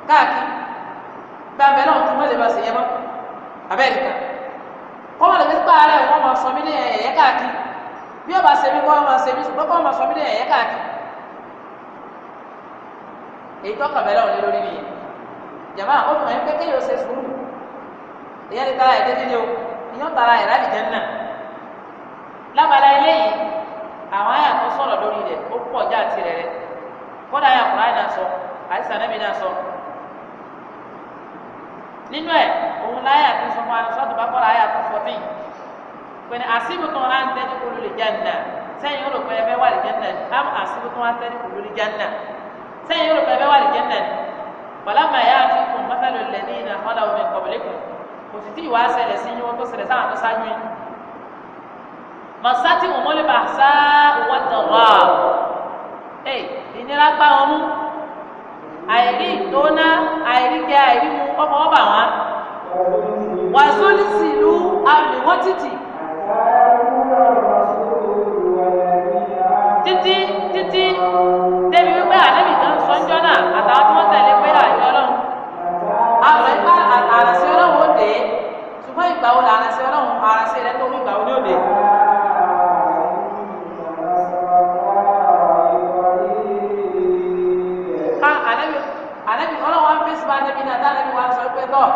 A: káàkiri gbàgbé náà tún mọ̀ lè bá ṣe yẹn mọ́ abẹ́rẹ́ kan kọ́mọ lè fi pa ara ẹ̀ wọ́n máa sọ mí ní ẹ̀yẹ káàkiri bí ọba ṣe mí wọ́n máa ṣe mí ṣùgbọ́n kọ́mọ sọ mí ní ẹ̀yẹ káàkiri èyí tó kàbẹ́ lọ́wọ́ lórí nìyẹn
C: jàmáà ó fi hàn pé kéèyàn ṣe sùúrù
A: èyàn lè tara
C: tara ẹ̀ lábala eléyìí àwọn àyà tó sọ̀rọ̀
A: lórí rẹ̀ ó pọ̀ já àti rẹ̀ rẹ̀ kódà àyà kùrá náà sọ àti sànẹ́bí náà sọ nínú ẹ̀ òun láyà tó sọ fún àlùsọ́tò bá kọ́ra àyà tó fọ́tìn pẹ̀lú àsìkò tó rán tẹ́jú kúrú lè jánnà sẹ́yìn olùkọ́ ẹ bẹ́ wà lè jánnà ni am àsìkò tó rán tẹ́jú kúrú lè jánnà sẹ́yìn olùkọ́ ẹ bẹ́ wà lè jánnà ni bàlámà yá àti kùn mọ́tàlú lẹ́ni masati wọn mọ́lẹ́ bá sá wọ́n tẹ̀ wá ẹ̀ ìnira gbá wọn mú àìrí ìtóná àìrí jẹ àìrí mu ọmọ ọba wọn
B: wàásùlì sílù àlùwọ́n títì títí
A: títí débi wípé àlẹ́bí kan sọ́njọ́ náà àtàwọn tí wọ́n tẹ̀lé pé àìrí ọlọ́run
B: àwọn ìgbà àràsí ọlọ́run ó dé ṣùgbọ́n ìgbà wo làràsí ọlọ́run àràsí rẹ tó wí ìgbà wo ni
A: súnmọ́ anábì náà tá anábì wàá sọ pé tọ́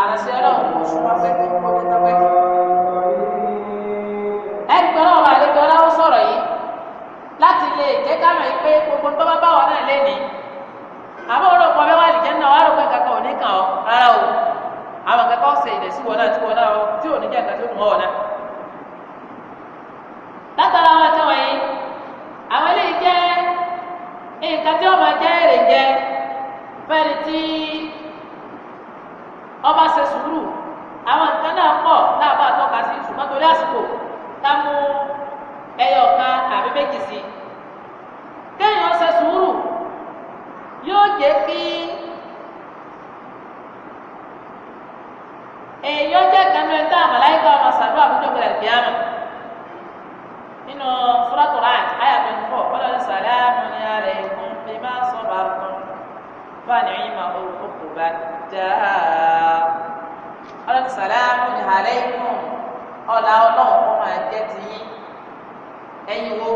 A: àrẹsẹ̀ ọlọ́run kò súnmọ́ pẹ́kì ọ̀kẹ́tà pẹ́kì. ẹgbẹ́ náà wà lẹ́gbẹ́ ọlọ́wọ́ sọ̀rọ̀ yìí láti lè jẹ́ káàmì pé gbogbo tó bá bá wà náà lé ní. àmọ́ òun lòpọ̀ bẹ́ẹ̀ wà lìjẹ́ náà wàá lòpọ̀ kankan ò ní kàn ọ́ rárá o àwọn kankan ọ̀sẹ̀ ilẹ̀ sí wọn náà tí wọn náà tí ò ní jẹ́ nǹkan tó mọ̀ ọ́ náà. látara wọn kẹwàá yìí àwọn eléyìí jẹ́ nǹkan tí wọ́n máa jẹ́ èrè jẹ́ fẹ́ni tí ọba ṣe sùúrù àwọn nǹkan náà pọ̀ láàbà tọ́ka sí ṣùgbọ́n torí àsìkò ká mú ẹyọ kan àbí méjì sí i kéèyàn ṣe sùúrù yóò jẹ́ kí èèyàn jẹ́ kanú ẹ̀ tá àmàláyíká ọmọ sàdúrà fún jọ́gbìn àlùkìyàmù nínú Suratul Ra'd àyà twenty four wọ́n lọ́ọ́ sàlẹ́ àmúni alẹ́ ìkún bí máa sọ bàrùkún fàníìmà òkú bá dáa
B: ọlọ́run sàlámù
A: aláìkùm ọ̀la ọlọ́run kọ́ máa jẹ́ ti yín ẹ̀yin wo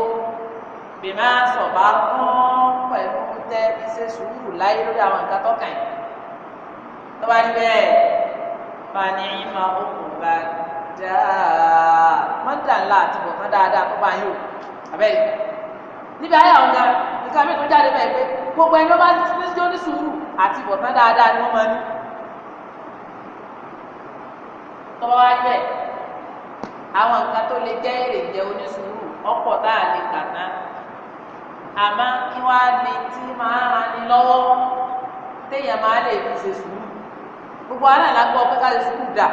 A: bìmá sọ̀bà kán pẹ̀lú tẹ́ fi ṣe sùúrù láyé lórí àwọn nǹkan tọ́kàn yìí tó bá rí bẹ́ẹ̀ fàníìmà òkú bá dáa mọ́tà ńlá àti bọ̀kan dáadáa tó bá yín o àbẹ́yẹ níbi ayé àwọn ga nǹkan mi tó jáde bẹ́ẹ̀ pé gbogbo ẹni ló bá ní tí ó ní sùúrù àti ìbọ̀tán dáadáa ni wọ́n máa ní. tọ́wọ́ wá bẹ́ẹ̀ àwọn nǹkan tó lè jẹ́ èrè jẹ́ onísùúrù ọ̀pọ̀ tá a lè kà tán àmọ́ kí wọ́n á lè tí máa ran ni lọ́wọ́ téèyàn máa lè fi ṣe sùúrù gbogbo ara là ń gbọ́ pé ká lè sùúrù dà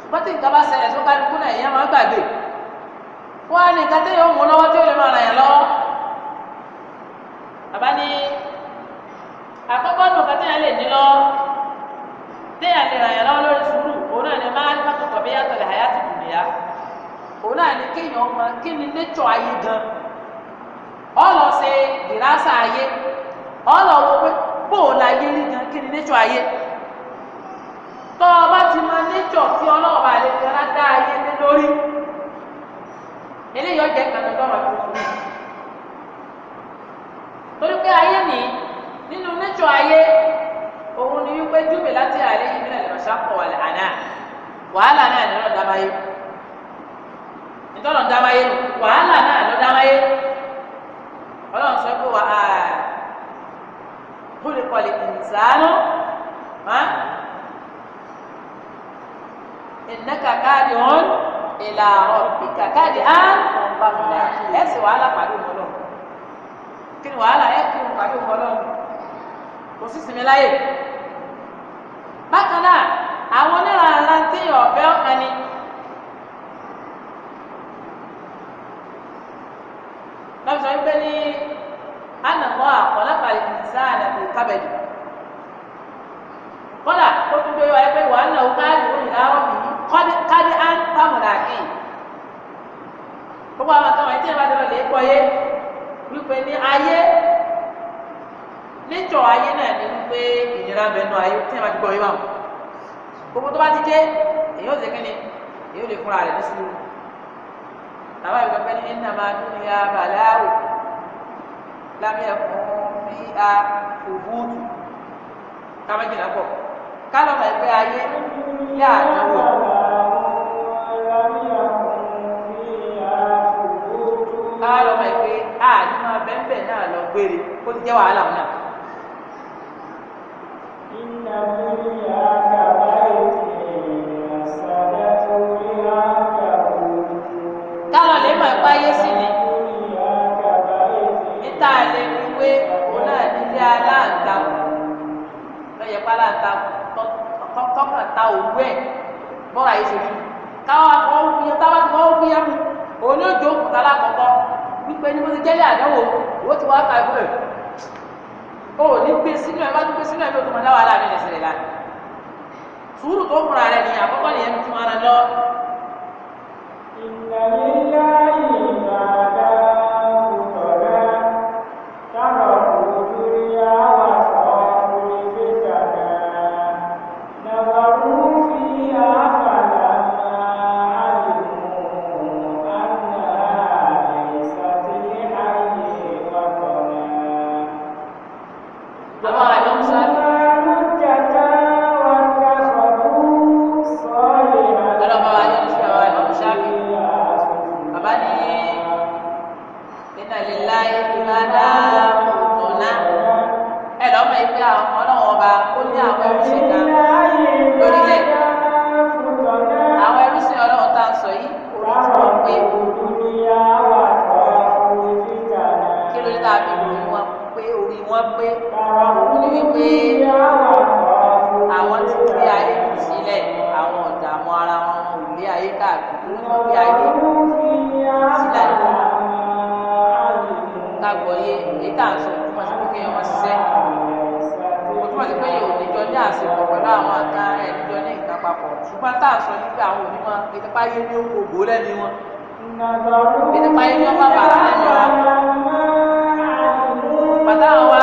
A: ṣùgbọ́n tí nǹkan bá ṣẹlẹ̀ tó kálukú náà èèyàn máa gbàgbé wọ́n á ní nǹkan téèyàn ń mú lọ́wọ́ tí ó lè máa ràn yàn lọ́wọ́ bàbá ní àkọ́kọ́ nù kàtí yẹn lè ní lọ téèyàn lè ràn yẹn lọ́wọ́ lórí sùúrù òun náà ni máa ń bá tọkọ bí yàtọ̀ lè àyà ti dùn níyà òun náà ni kéèyàn mọ kí ni nẹ́tọ̀ ayé gan ọlọ ṣe ìrásà ayé ọlọ wo pé bóòlù ayé rí gan kí ni nẹ́tọ̀ ayé tọ́ ọ ti mọ nẹ́tọ̀ tí ọlọ́ọ̀bà lè fi ọlá dá ayé lé lórí eléyìí ọjà ìkànnì ọlọ́ọ̀bà tó sùn torí pé ayé nìyí nínú nítsọ̀ ayé òun ni wípé júbì láti àlẹ́ ìbílẹ̀ lọ́nà sápọ̀ wà àná wàhálà náà ni lọ́nà dábàáyé nítorí lọ́nà dábàáyé wàhálà náà lọ́nà dábàáyé ọlọ́run sọ pé wà á kúlì kọlì ìsánú ìnáka káàdì ọ̀hún ìlà ọ̀bìkà káàdì á ń wàhálà pàdé òun ọlọ́run kí ni wàhálà ẹ̀ kí n pàdé òun ọlọ́run kò sí sinmi láyè
C: bákan náà àwọn onírànlá tí ọ̀bẹ ọ̀kan ni lọ́wọ́ sọ wípé
A: ní ànàmọ́ àkọ́lápàlì ìsáà nàbì kábẹ́jì kọ́là ó tún gbé wa ẹgbẹ́ wàá nà ó káàdì ó yìí láwọ́ bì í káàdì á ń pàmùlà kì í gbogbo àwọn àtàwọn ẹ̀ tí ẹ bá dọ̀rọ̀ lè gbọ́ yé wípé ní ayé níjọ ayé náà ni wípé ìnira bẹnu ayé tí a máa ti gbọ́ yíwá wọn gbogbo tó bá ti jẹ́ èyí ò ṣe kí ni èyí ò lè fúnra rẹ̀ lọ́sí wọn bàbá mi pẹ́pẹ́ ní nínà máa dún ní abaláwo lábẹ́ ẹ̀kún bí a òbúùtù kámẹ́jìnà pọ̀
B: kálọ̀mọ̀ ẹgbẹ́ ayé yá àdánwò. kálọ̀mọ̀ ẹgbẹ́
A: àdìmọ̀ bẹ́ẹ̀ bẹ́ẹ̀ náà lọ
B: gbére kó ti jẹ́ wàhálà náà.
A: ta òwú ẹ̀ bọ́ra yìí ṣe fi káwọn akọ̀wọ́ fi yẹn táwọn akọ̀wọ́ fi yẹn mu òun yóò jó kùtà lákọ̀ọ́kọ́ wípé ní mo ti jẹ́lẹ̀ àdánwò owó ti wá ta ẹ̀kọ́ ẹ̀ o ò ní gbé sínú ẹ̀ bá tún gbé sínú ẹ̀ ló tó máa dá wàhálà nílẹ̀ sílẹ̀ lánàá sùúrù tó fúnra rẹ̀ ní àkọ́kọ́ nìyẹn ti máa rán lọ.
B: ìlànà ìlànà.
A: ṣùgbọ́n tá a sọ yìí pé àwọn òní wọn ètò páyé ní oko ògbó lẹ́ni wọn
B: ètò páyé ní wọn bá bàtà lẹ́ni wọn bàtà àwọn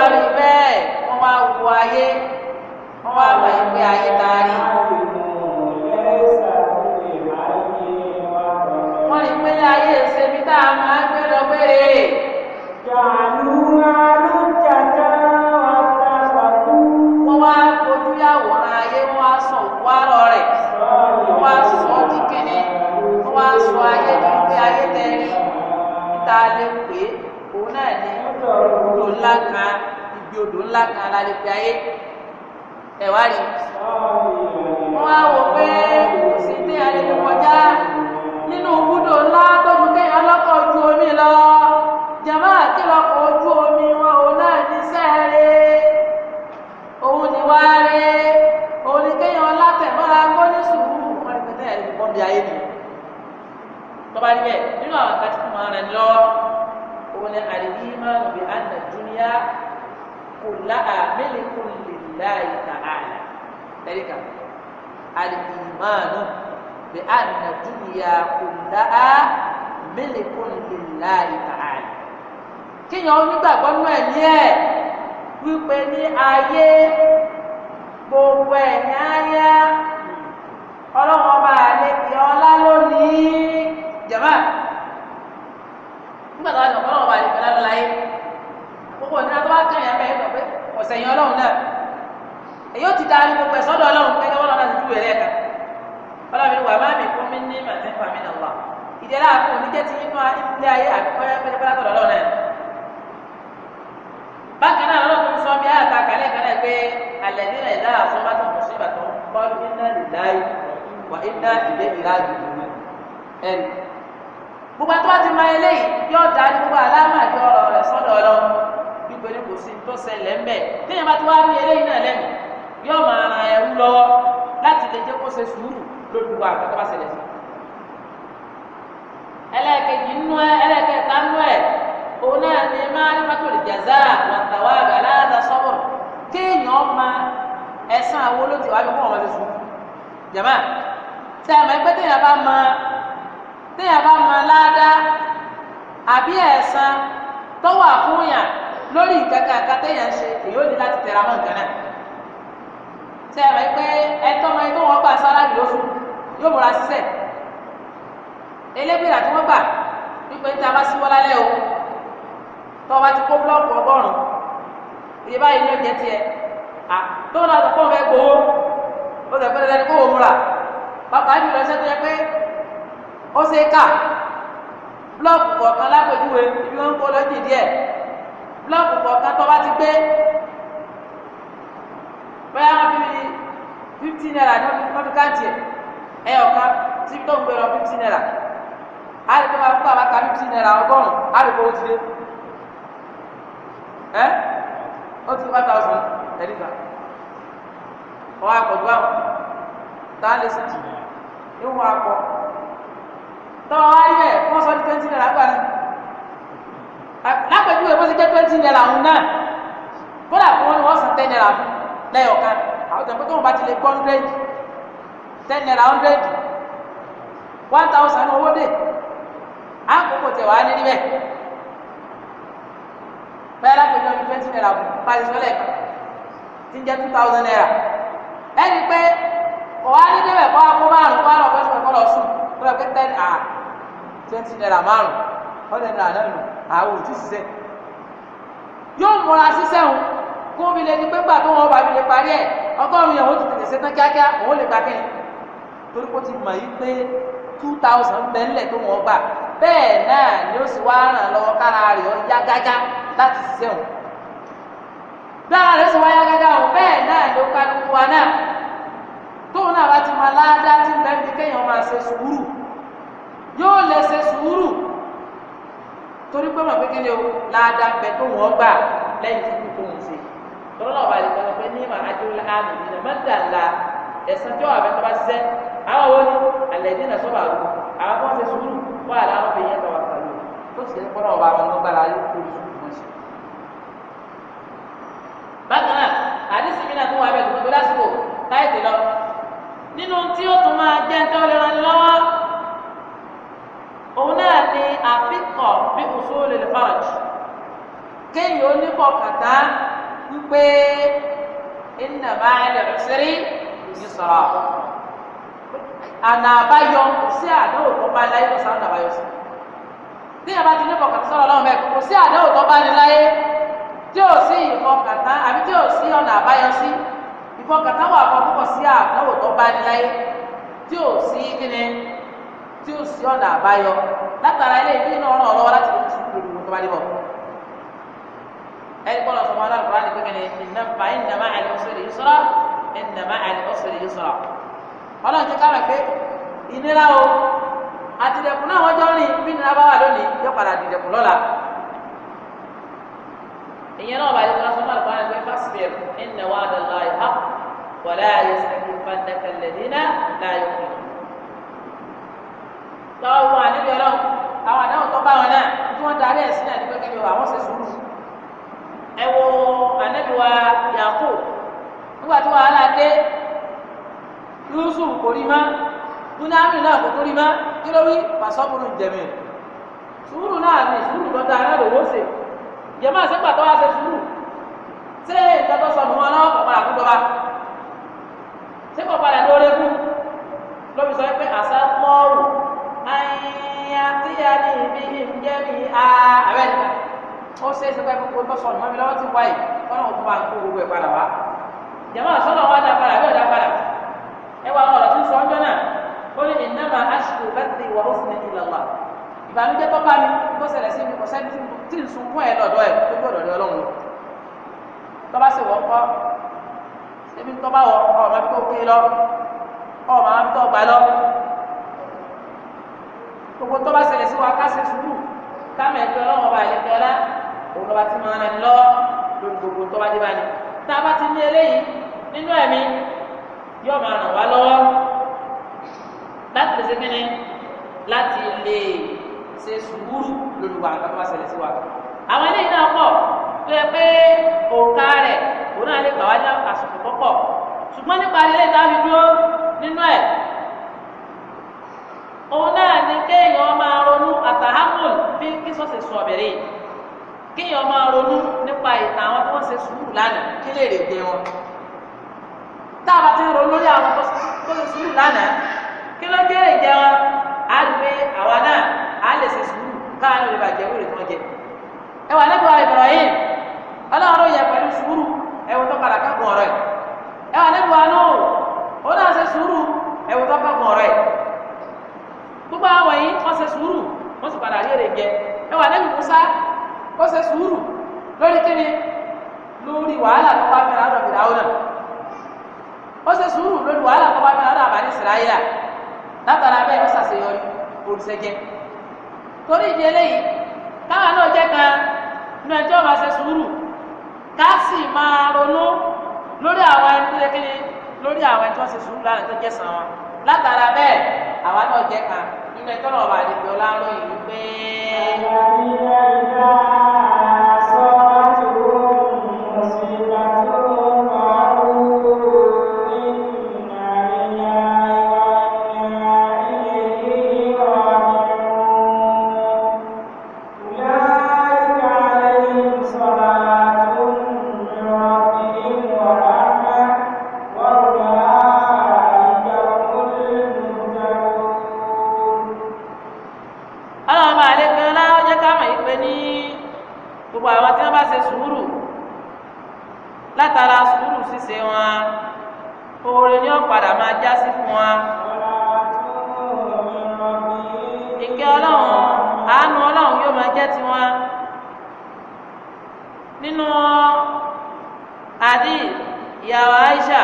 A: ńlá kan lálẹ́ pé ayé ẹ̀wá rí wọ́n wá wò pé kò sí ní alẹ́ tó kọjá nínú búdò ńlá tó ju kéèyàn lọ́kọ̀ ojú omi lọ jàmá àkìlọ́kọ̀ ojú omi wọn òun náà ní sẹ́ẹ̀rẹ́ òun ní wá rí òun ní kéèyàn látẹ̀mọ́ra kó ní sùúrù wọn ní pẹ̀lú ẹ̀rí pọ̀ bí ayé mi tọ́ba rí nínú àwọn àkàtúntò máa rẹ̀ lọ òun ní àrídí máa ń gbé àná dúníyà kullaha milikun lillahi ta'ala ẹ̀ríkà alìmánù bí anna dunya kullaha milikun lillahi ta'ala kíyàn onígbàgbọ́ nú ẹ̀mí ẹ̀ wípé ní ayé gbogbo ẹ̀yìn ayá ọlọ́wọ́ ọba àlejò ọlá lónìí jẹ̀má nígbà tó wà ní ọ̀pọ̀lọpọ̀ àlejò ọlá lọ́la
C: yìí gbogbo ìnira tó bá kàn yẹn bẹ́ẹ̀ sọ pé ọ̀sẹ̀ yẹn ọlọ́run náà èyí ó ti darí gbogbo ẹ̀sọ́ ọ̀dọ̀ ọlọ́run gẹ́gẹ́ bọ́lá náà ti dúró ẹ̀rẹ́ kan
A: ọlọ́run wà má mi fún mi ní màtí fún mi nàlá
C: ìdẹ́lá àpò oníjẹ́ ti yín fún ilé ayé àbíkọ́yẹ́ pẹ́ẹ́pẹ́ẹ́ látọ̀dọ̀ ọlọ́run náà
A: bákan náà lọ́dọ̀ tó ń sọ bí àyàtà kálẹ̀ kan náà pé alẹ́ nílẹ̀ ìdá àsọ́bá tó kù sí gbogbo àti wá ti máa eléyìí yóò dájú gbogbo aláàmà àti ọ̀rọ̀ rẹ̀ sọ́dọ̀ ọlọ́run nítorí kò sí tó ṣẹlẹ̀ ń bẹ̀ téèyàn bá ti wá rí eléyìí náà lẹ́nu yóò máa ran ẹrú lọ́wọ́ láti lè jẹ́ kó ṣe sùúrù lórí wa àgbà tó bá ṣẹlẹ̀ sí.
C: ẹlẹ́ẹ̀kejì nínú ẹ ẹlẹ́ẹ̀kẹta nínú ẹ òun náà ni máa ní mọ́tò lè jàzá wàtàwá àgbàlá sọ́wọ́
A: kéèyàn máa ẹ̀sán àwọn olóòtú wa bí wọ́n máa ṣe sùúrù jàmá tẹ́ a mọ́ ẹgbẹ́ téèyàn bá téèyàn bá máa ládàá àbí ẹ̀sán tọ́wọ́ àfúnyàn lórí ìkankan àkàtẹ́yàn ṣe èyí ó ní láti tẹ̀ra mọ́ nǹkan náà tẹ ẹ rẹ pé ẹtọ́ ọmọ ẹtọ́ wọn gbà sálárì lóṣù yóò múra síṣẹ́ elébìrà tí wọ́n gbà wípé níta bá síwọ́ lálẹ́ o tọ́ bá ti kó búlọ́ọ̀kù ọgọ́rùn-ún ìdí báyìí ní oúnjẹ tiẹ̀ à tó náà sọ fún ọmọ ẹgbẹ́ owó
C: ó sọ pé lẹ́nu kó wò múra bàbá mi lọ sẹ́tọ́ yẹ pé
A: ó ṣe é kà búlọ́ọ̀kù kọ̀ọ̀kan lápèjúwe ibi wọn kó lọ́jì díẹ̀ blọọkù kọ̀ọ̀kan tó bá ti gbé bóyá wọn fi fifty naira ní ọdún káàtì ẹ ọ̀kan tí tó ń gbé lọ fifty naira àdìgbò wa fún àbáka fifty naira ọgọ́rùn àdìgbò ó ti dé ẹ ó ti five thousand tẹlifà ọ̀ àpọ̀jù àwọn tá a lè sì jì ní wọn àpọ̀ tọ́ ọ ayé kó sọ ní twenty naira gbà náà lápẹjù ẹ̀ wọ́n ti jẹ́ twenty naira òun náà
B: bọ́dà kí wọ́n ní wọ́n san ten naira lẹ́yọ̀kan
A: àwọn ìjọba tó wọn bá ti lè gbọ́ hundred ten naira hundred one thousand owó dé àkókò tẹ̀ wá ní níbẹ̀ bẹ́ẹ̀ lápẹjù ọdún twenty naira parí sọ́lẹ̀ kan ti ń jẹ́ two thousand naira ẹni pé
C: ọ̀wá ní níbẹ̀ kọ́ akó márùn-ún kọ́ àrùn ọ̀gbọ́n sọ̀rọ̀ kọ́ lọ sùn
A: kọ́ lọ pé ten ah twenty naira márùn-ún ọ̀dẹ̀ náà náà nù. àwọn ò yóò múra ṣiṣẹ́ òun kó mi lè ní pé tó wọn bá mi lè parí ẹ̀ ọgọ́rùn le yẹn ó ti tètè ṣetán kíákíá òun lè gbà kẹ́ torí kó ti pé two thousand tó wọn gbà bẹ́ẹ̀ náà ni ó sì wá ràn lọ́wọ́ kára rẹ̀ yá gágá láti rẹ̀ sì wá yá wa náà tóun náà bá ti máa tí bẹ́ẹ̀ torí pé wọn kékeré o láàdá bẹ tó wọn gbà lẹ́yìn tí kò tó wọn ṣe tọ́lọ́ náà wà lẹ́yìn pé ní ìmọ̀ adé wọn á nìyí náà mẹ́ta la ẹ̀sán tí wọn àbẹ̀tọ́ bá ṣiṣẹ́ àwọn wo ni alẹ́ ní ìlà sọ́ba àgbo àwọn kan ṣe sùúrù wọn àlẹ́ àwọn bẹ̀yẹn tọ́wọ́ pẹ̀lú tó sì ń kọ́nà ọba àwọn ọgbàrá ayé kó lù sùúrù wọn ṣe.
C: bákan náà àdìsí mi náà tún wà bẹ́ẹ̀ tó lásìkò
A: táyì òun náà ni àfikọ̀ bí usulil faraj kéèyàn oníkọ̀ kàtá ń pé inna ma'al usri yusra àná àbáyọ sí àdáwò tó bá láyé kó sáwọn àbáyọ sí tí a bá ti ní bọ̀kàtà sọ̀rọ̀ lọ́wọ́ mẹ́kọ̀ọ́ kò sí àdáwò tó bá ní láyé tí ò sí ìfọkàtà àbí tí ò sí ọ̀nà àbáyọ sí ìfọkàtà wà fọ́ púpọ̀ sí àdáwò tó bá ní láyé tí ò sí kíni tí ó sì ọ̀nà àbáyọ látara ilé ìlú iná ọ̀ràn ọ̀lọ́wọ́ láti lóṣù lórí wọn tó bá débọ̀. ẹni kọ́lọ̀ sọ̀rọ̀ aláàbùrá ni pẹ́kẹ́ ni ìnàmbá ìnàmá àlùmọ́sọ̀rọ̀ yìí sọ̀rọ̀ ìnàmá àlùmọ́sọ̀rọ̀ yìí sọ̀rọ̀. ọlọ́run ti kára pé ìnira o àtìlẹ̀kùn náà wọ́n jọ rìn bí ìnira bá wà lónìí yóò padà dìdẹ̀kùn lọ́la.
B: ìyẹn náà bàjẹ́ kọ́lá sọ̀rọ̀ aláàbùrá ni fásitì ẹ̀
A: tọ́wọ́ wọn àníbi ọlọ́run àwọn àdáhùn tó bá wọn náà tí wọ́n darí ẹ̀ sílẹ̀ ní pẹ́kẹ́ bí wà wọ́n ṣe sùúrù ẹ wo àníbi wa yàkó nígbà tí wàhálà dé yusuf kò rí mọ́ dúnámì náà kò tó rí mọ́ kí ló rí pàṣọ́bùrù jẹ̀mí sùúrù náà ní sùúrù tó da náà lòwó ṣe jẹ̀mọ́ àṣẹ́gbà tó wá ṣe sùúrù ṣé ìtọ́tọ́ sọnù wọn náà kọ̀ padà kú dọ́ba ṣé kọ̀ padà lóore kú lóbi sọ pé àṣà mọ́ọ̀rù
C: àyàtìyàní ìbí ìjẹ́bi àbẹ́ẹ̀dẹ̀
A: ó ṣe é ṣe pé kókó tó sọ̀rọ̀ mọ́bi lọ́wọ́ ti wáyé kọ́nà òkú wa kó gbogbo ẹ̀ padà wá
C: jẹ̀mọ́ àsọ́nà wa dá padà bí ọ̀dá padà ẹ wà ọ̀rọ̀ tí ń sọ ọjọ́ náà
A: ó ní ìnáma aṣọ bẹ́tẹ̀ wà ó sì ní ilẹ̀ wa ìbànújẹ́ tó bá mi tó ṣẹlẹ̀ sí mi kò sẹ́ni lọ gbogbo tó bá ṣẹlẹ̀ sí wa ká ṣe sùúrù táwọn ẹ̀dùn ọlọ́wọ́ bá ẹ̀lẹ́dùn ọlá òun lọ́ba ti máa ń rìn lọ lórí gbogbo tó bá dé bá ní. tá a bá ti ní eléyìí nínú ẹ̀mí yóò máa ràn wá lọ́wọ́ láti lè ṣe kíni láti lè ṣe sùúrù lórí wa ká tó bá ṣẹlẹ̀ sí wa. àwọn eléyìí náà pọ̀ tó yẹ pé òǹkà rẹ̀ òun náà lè gbà wá ní àsìkò tó pọ̀ ṣùgbọ́n nípa ilé ìtàbí dúró nínú ẹ̀ òun náà ni kéèyàn máa ronú àtàhámùn bí kíso ṣe sùn ọ̀bẹ̀rẹ̀ kéèyàn máa ronú nípa ìtàn àwọn tí wọ́n ṣe sùúrù lánàá kí lè rè gbé wọn tá a bá ti ronú lórí àwọn tó ṣe sùúrù lánàá kí ló jẹ́ ìjẹ wọn á gbé àwa náà á lè ṣe sùúrù káà ló lè bàjẹ́ wúrè tó ń jẹ ẹ wà nípa Ibrahim ọlọ́run ló yẹ pẹ̀lú sùúrù ẹ̀wù tó padà kágun ọ̀rọ̀ ẹ̀ ẹ wà nípa Nuhu ó náà ṣe sùúrù ẹ̀wù tó kágun ọ̀rọ̀ ẹ̀ gbogbo àwọn wọ̀nyí wọ́n ṣe sùúrù wọ́n sì padà rírè jẹ ẹ wà lẹ́yìn musa ó ṣe sùúrù lórí kíni lórí wàhálà tó bá fẹ́ràn àdọ̀ fìdáwó náà
C: ó ṣe sùúrù lórí wàhálà tó bá fẹ́ràn àdọ̀ àbáni ìsirayíla
A: látara bẹ́ẹ̀ ó ṣàṣeyọrí olùṣẹ́jẹ́
B: torí ìdí eléyìí
A: káwa náà jẹ́ kan nínú ẹjọ́ máa ṣe sùúrù ká sì máa ronú lórí àwọn ẹni tó yẹ kíni lórí àwọn ẹni tó ṣe sùúrù lánàá tó jẹ́ sàn wọn látara bẹ́ẹ̀ àwa náà jẹ́ kan nínú ẹ̀tọ́ náà wà ní ìgbẹ́ ọlá lóyún wípé. ṣe wọn
B: oore ni ó padà máa já sí fún wọn. ìkẹ́ ọlọ́run àánú ọlọ́run yóò máa jẹ́ tiwọn
A: nínú àdí ìyàwó Aisha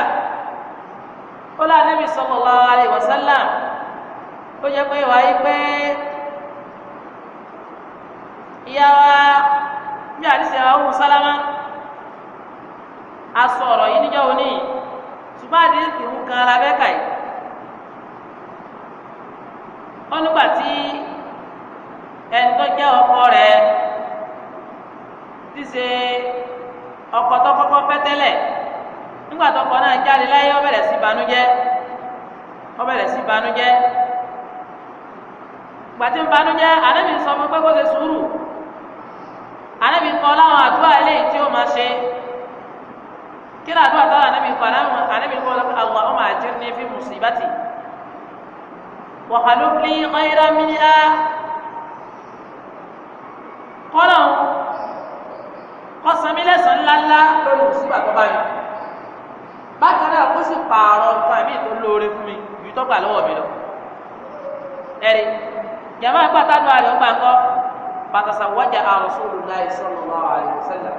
A: ó lá Ànábì sallallahu alaihi wasallam ó jẹ́ pé wáyé pé ìyàwó bí àdìsí àwọn ọmọ sálámà. a yi yìí níjọ́ òní ṣùgbọ́n àdéhùn ń kan ara bẹ́ẹ̀ nígbà tí ẹni tó jẹ́ ọkọ rẹ ti ṣe ọkọ tó kọ́kọ́ fẹ́ tẹ́lẹ̀ nígbà tó náà jáde láyé ó bẹ̀rẹ̀ sí banújẹ́
C: ó bẹ̀rẹ̀ sí banújẹ́
A: gbàtí ń banújẹ́ ànábì sọ kí ló àdúrà táwọn anábì kọ anábì kọ lọ́kọ́ Allahumma ajirni fi musibati wa khalif li khayran minha kọ́lọ̀ kọ́sánmílẹ̀sán ńláńlá lórí mùsùlùmí àkọ́bá yìí bákan náà kó sì pààrọ̀ nǹkan ẹ̀mí tó lóore fún mi yìí tó gbà lọ́wọ́ mi lọ. ẹ̀rí yàrá pàtàkì àlọ́ gbàgbọ́ pàtàkì wájà Rasulullahi sallallahu alaihi wasallam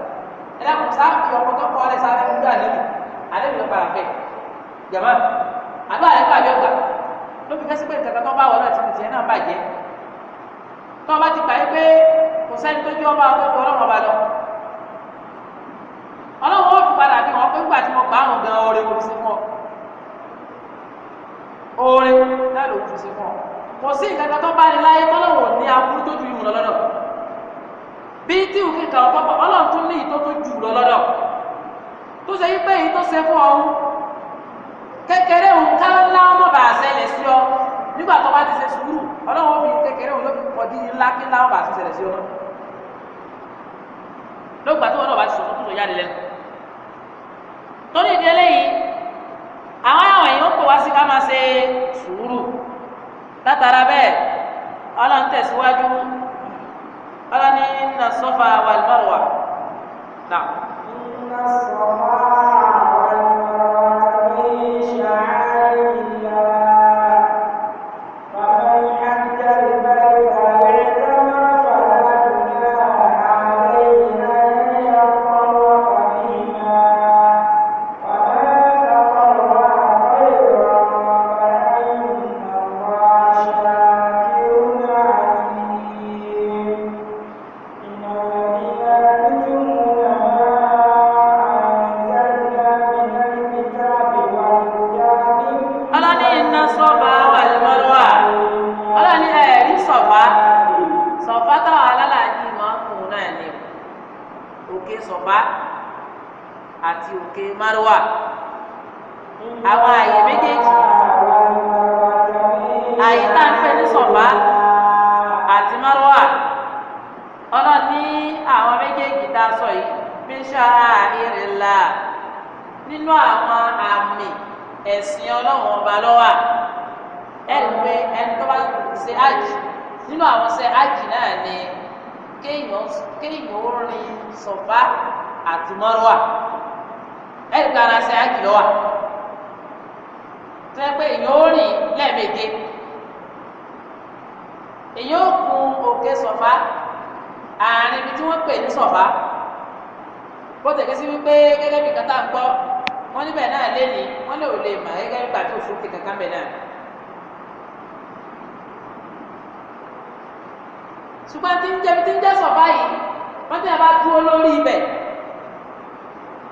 A: ẹ̀dá kò sá fi ọkọ̀ tó kọ́ ọ́ lẹ̀ sáré ń gbà níbi àlejò ló para bẹ́ẹ̀ jàmá àbá àlẹ́ bá yọ̀gbà ló fi fẹ́sí pé nǹkan tó bá wọ̀ náà ti kùtì ẹ̀ náà bàjẹ́ tó bá ti gbà yí pé kò sẹ́ni tó jẹ́ ọba ọgbẹ́ ọlọ́run ọba lọ ọlọ́run ó fi padà bí wọn pé ńgbà tí mo gbà àwọn gan oore mo fi ṣe fún ọ oore náà ló fi ṣe fún ọ kò sí nǹkan tó bá ní láyé tọ́lọ́wọ̀ ní aburú tó ju ìmùlọ́lọ́dọ̀ bíi tí òkè kà ọkọ pọ Ọlọ́run tún ní ìtọ́ tó jù lọ lọ́dọ̀ tó ṣe wípé èyí tó ṣe fún ọ kékeré òun ká ńlá ọmọ bàá ṣẹlẹ̀ sí ọ nígbà tó bá ti ṣe sùúrù Ọlọ́run fi kékeré òun ló fi kọ́ di ńlá kí ńlá ọmọ bàá ṣẹlẹ̀ sí ọ lọ́gbà tó wọn náà bá ti sọ̀tún tó tó yáni lẹ́nu torí ìdí eléyìí àwọn àwọn èèyàn ń pè wá sí ká máa ṣe sùúrù látara bẹ́ẹ̀ Ọlọ́run tẹ̀síwájú ọlọ́ni inna safa wal marwa náà. inna safa. Marwa àwọn àyè méjèèjì
B: àyè tá à ń pè ní Sọ̀fà
A: àti Marwa ọlọ́run ní àwọn méjèèjì tá a sọ yìí bí ṣáà ìrìnlá nínú àwọn àmì ẹ̀sìn ọlọ́run ọba lọ́wà ẹ̀rí pé ẹni tó bá ṣe ájì nínú àwọn ṣe ájì náà ni kéèyàn ó rìn Sọ̀fà
C: àti Marwa
A: ẹ̀rí pé ara ṣe ájì lọ́wà tó yẹ pé èèyàn ó rìn lẹ́ẹ̀méje èèyàn ó kun òkè sọ̀fà àárín ibi tí wọ́n pè ní sọ̀fà bó tẹ̀kẹ́ sí wípé gẹ́gẹ́ bí kátà ń gbọ́ wọ́n níbẹ̀ náà lé ní wọ́n lè ò lè mà gẹ́gẹ́ bí gbàtí òfurufú kankan bẹ̀ náà. ṣùgbọ́n tí ń jẹ́ bí tí ń jẹ́ sọ̀fà yìí wọ́n ti bá dúró lórí ibẹ̀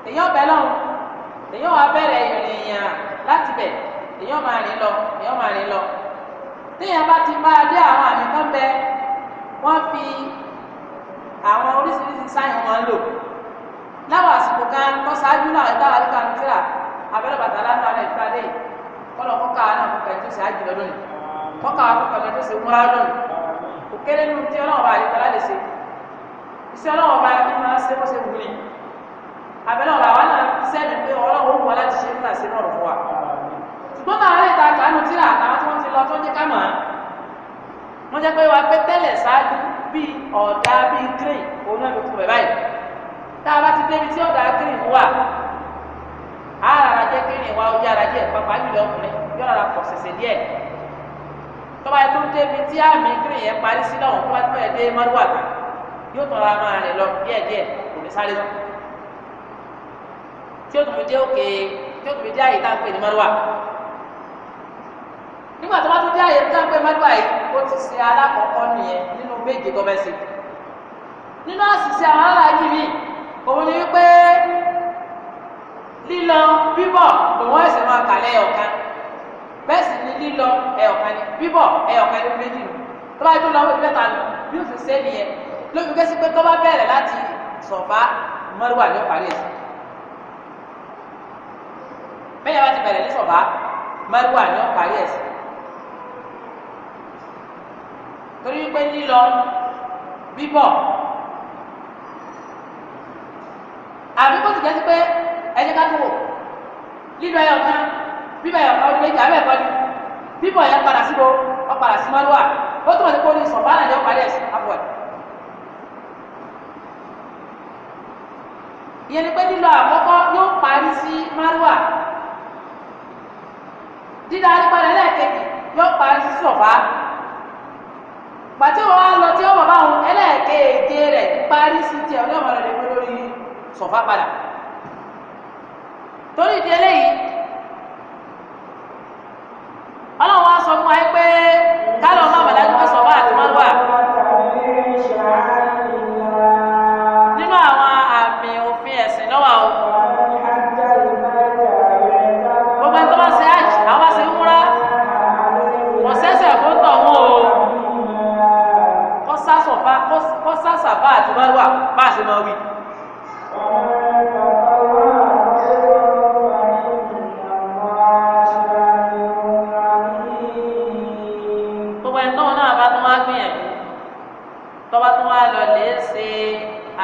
A: èyàn ọbẹ̀ lọ́hùn èyàn wà bẹ̀rẹ̀ ìrìnyà láti bẹ̀ èyàn máa rìn lọ èyàn máa rìn lọ téèyàn bá ti máa dé àwọn àmì kan bẹ wọ́n fi àwọn oríṣiríṣi sáyẹn wọn lò láwọn àsìkò kan kọ́ ṣáájú náà ẹ̀dá àdúgbò àdúgbò abẹ́rẹ́ bàtà láńdà rẹ̀ fúra dé kọ́lọ̀ kọ́kà náà kọ́kà ètò ìṣáájú lọ́dún yìí kọ́kà kọ́kà ètò ìṣe múra lọ́dún kò kéré nínú tí ọlọ́run bá yẹ kọ́lá lè ṣe iṣẹ́ ọlọ́run bá yẹ kí wọ́n á ṣe bó ṣe wù ní àbẹ̀lẹ̀ ọ̀rọ̀ àwọn náà iṣẹ́ pé ọlọ́run ó láti ṣe nígbà sínú ọ̀rọ̀ fún wa ṣùgbọ́n náà lè ta kánú tíra àtàwọn tí wọ́n ti lọ tó jẹ́ ká mọ̀ wọ́n jẹ́ pé wàá pé tẹ́lẹ̀ ṣáájú bíi ọ̀dà bíi green òun náà ló kú bẹ̀ báyìí tá a bá ti débi tí ọ̀dà green wà á rárá jẹ́ green wa ó yára díẹ̀ pápá nílẹ̀ ọkùnrin yóò rárá pọ̀ ṣẹ̀ṣẹ̀ díẹ̀ tọ́ba yẹn tó débi tí àmì green yẹn parí sí náà tó bá tó yẹ dé mọ́rúwà yóò tọ́ra máa rìn lọ díẹ̀díẹ̀ kò ní sáré lọ́kùnrin tí ó tún dé òkè tí ó tún dé àyè tá à ń pè ní mọ́lúwà nígbà tó bá tún dé àyè tá à ń pè ní mọ́lúwà yìí ó ti ṣe alákọ̀ọ́kọ́ nìyẹn nínú méje tó bẹ́sẹ̀ nínú àṣìṣe àwọn aláàjì mi òun ni wípé lílọ bíbọ̀ lòun ẹ̀sẹ̀ máa kà lẹ́yọ̀ kan bẹ́ẹ̀ sì ni lílọ ẹ̀ọ̀kan ni bíbọ̀ ẹ̀ọ̀kan ni méjì ni tó bá yẹ kó lọ́wọ́ ìbẹ́ta lọ bí ó sì ṣe é nìyẹn lóbi kẹ́sí pé tó bá bẹ̀rẹ̀ láti sọ̀fà mọ́lúwà ní ó parí ẹ̀sìn bẹ́ẹ̀ bá ti bẹ̀rẹ̀ ní sọ̀bá mẹ́rùwà ni ó parí ẹ̀ sí. torí wípé lílọ bíbọ̀ àbí bó ti jẹ́ sí pé ẹni ká tó wò lílọ ẹyọ kan bíbọ̀ ẹyọ kan ọdún méjì abẹ́ ẹ̀kọ́ ni bíbọ̀ yẹn padà síbo ó padà sí mẹ́rùwà ó túmọ̀ sí pé ó ní sọ̀bá náà ni ó parí ẹ̀ sí àbọ̀ ẹ̀. ìyẹn ni pé lílọ àkọ́kọ́ yóò parí sí mẹ́rùwà dídarí padà lẹ́ẹ̀kejì yóò parí sí sọ̀fà pàtí wọn á lọ tí ọmọ bá wọn ẹlẹ́ẹ̀keje rẹ̀ parí sí tiẹ̀ ní ọmọ rẹ̀ lè lórí sọ̀fà padà torí ìdí eléyìí ọlọ́run sọ fún wa pé ká lọ má b Nawawi
B: gbogbo ẹni tóun náà bá
A: tún wá gbìyànjú tó bá tún wá lọ lè ṣe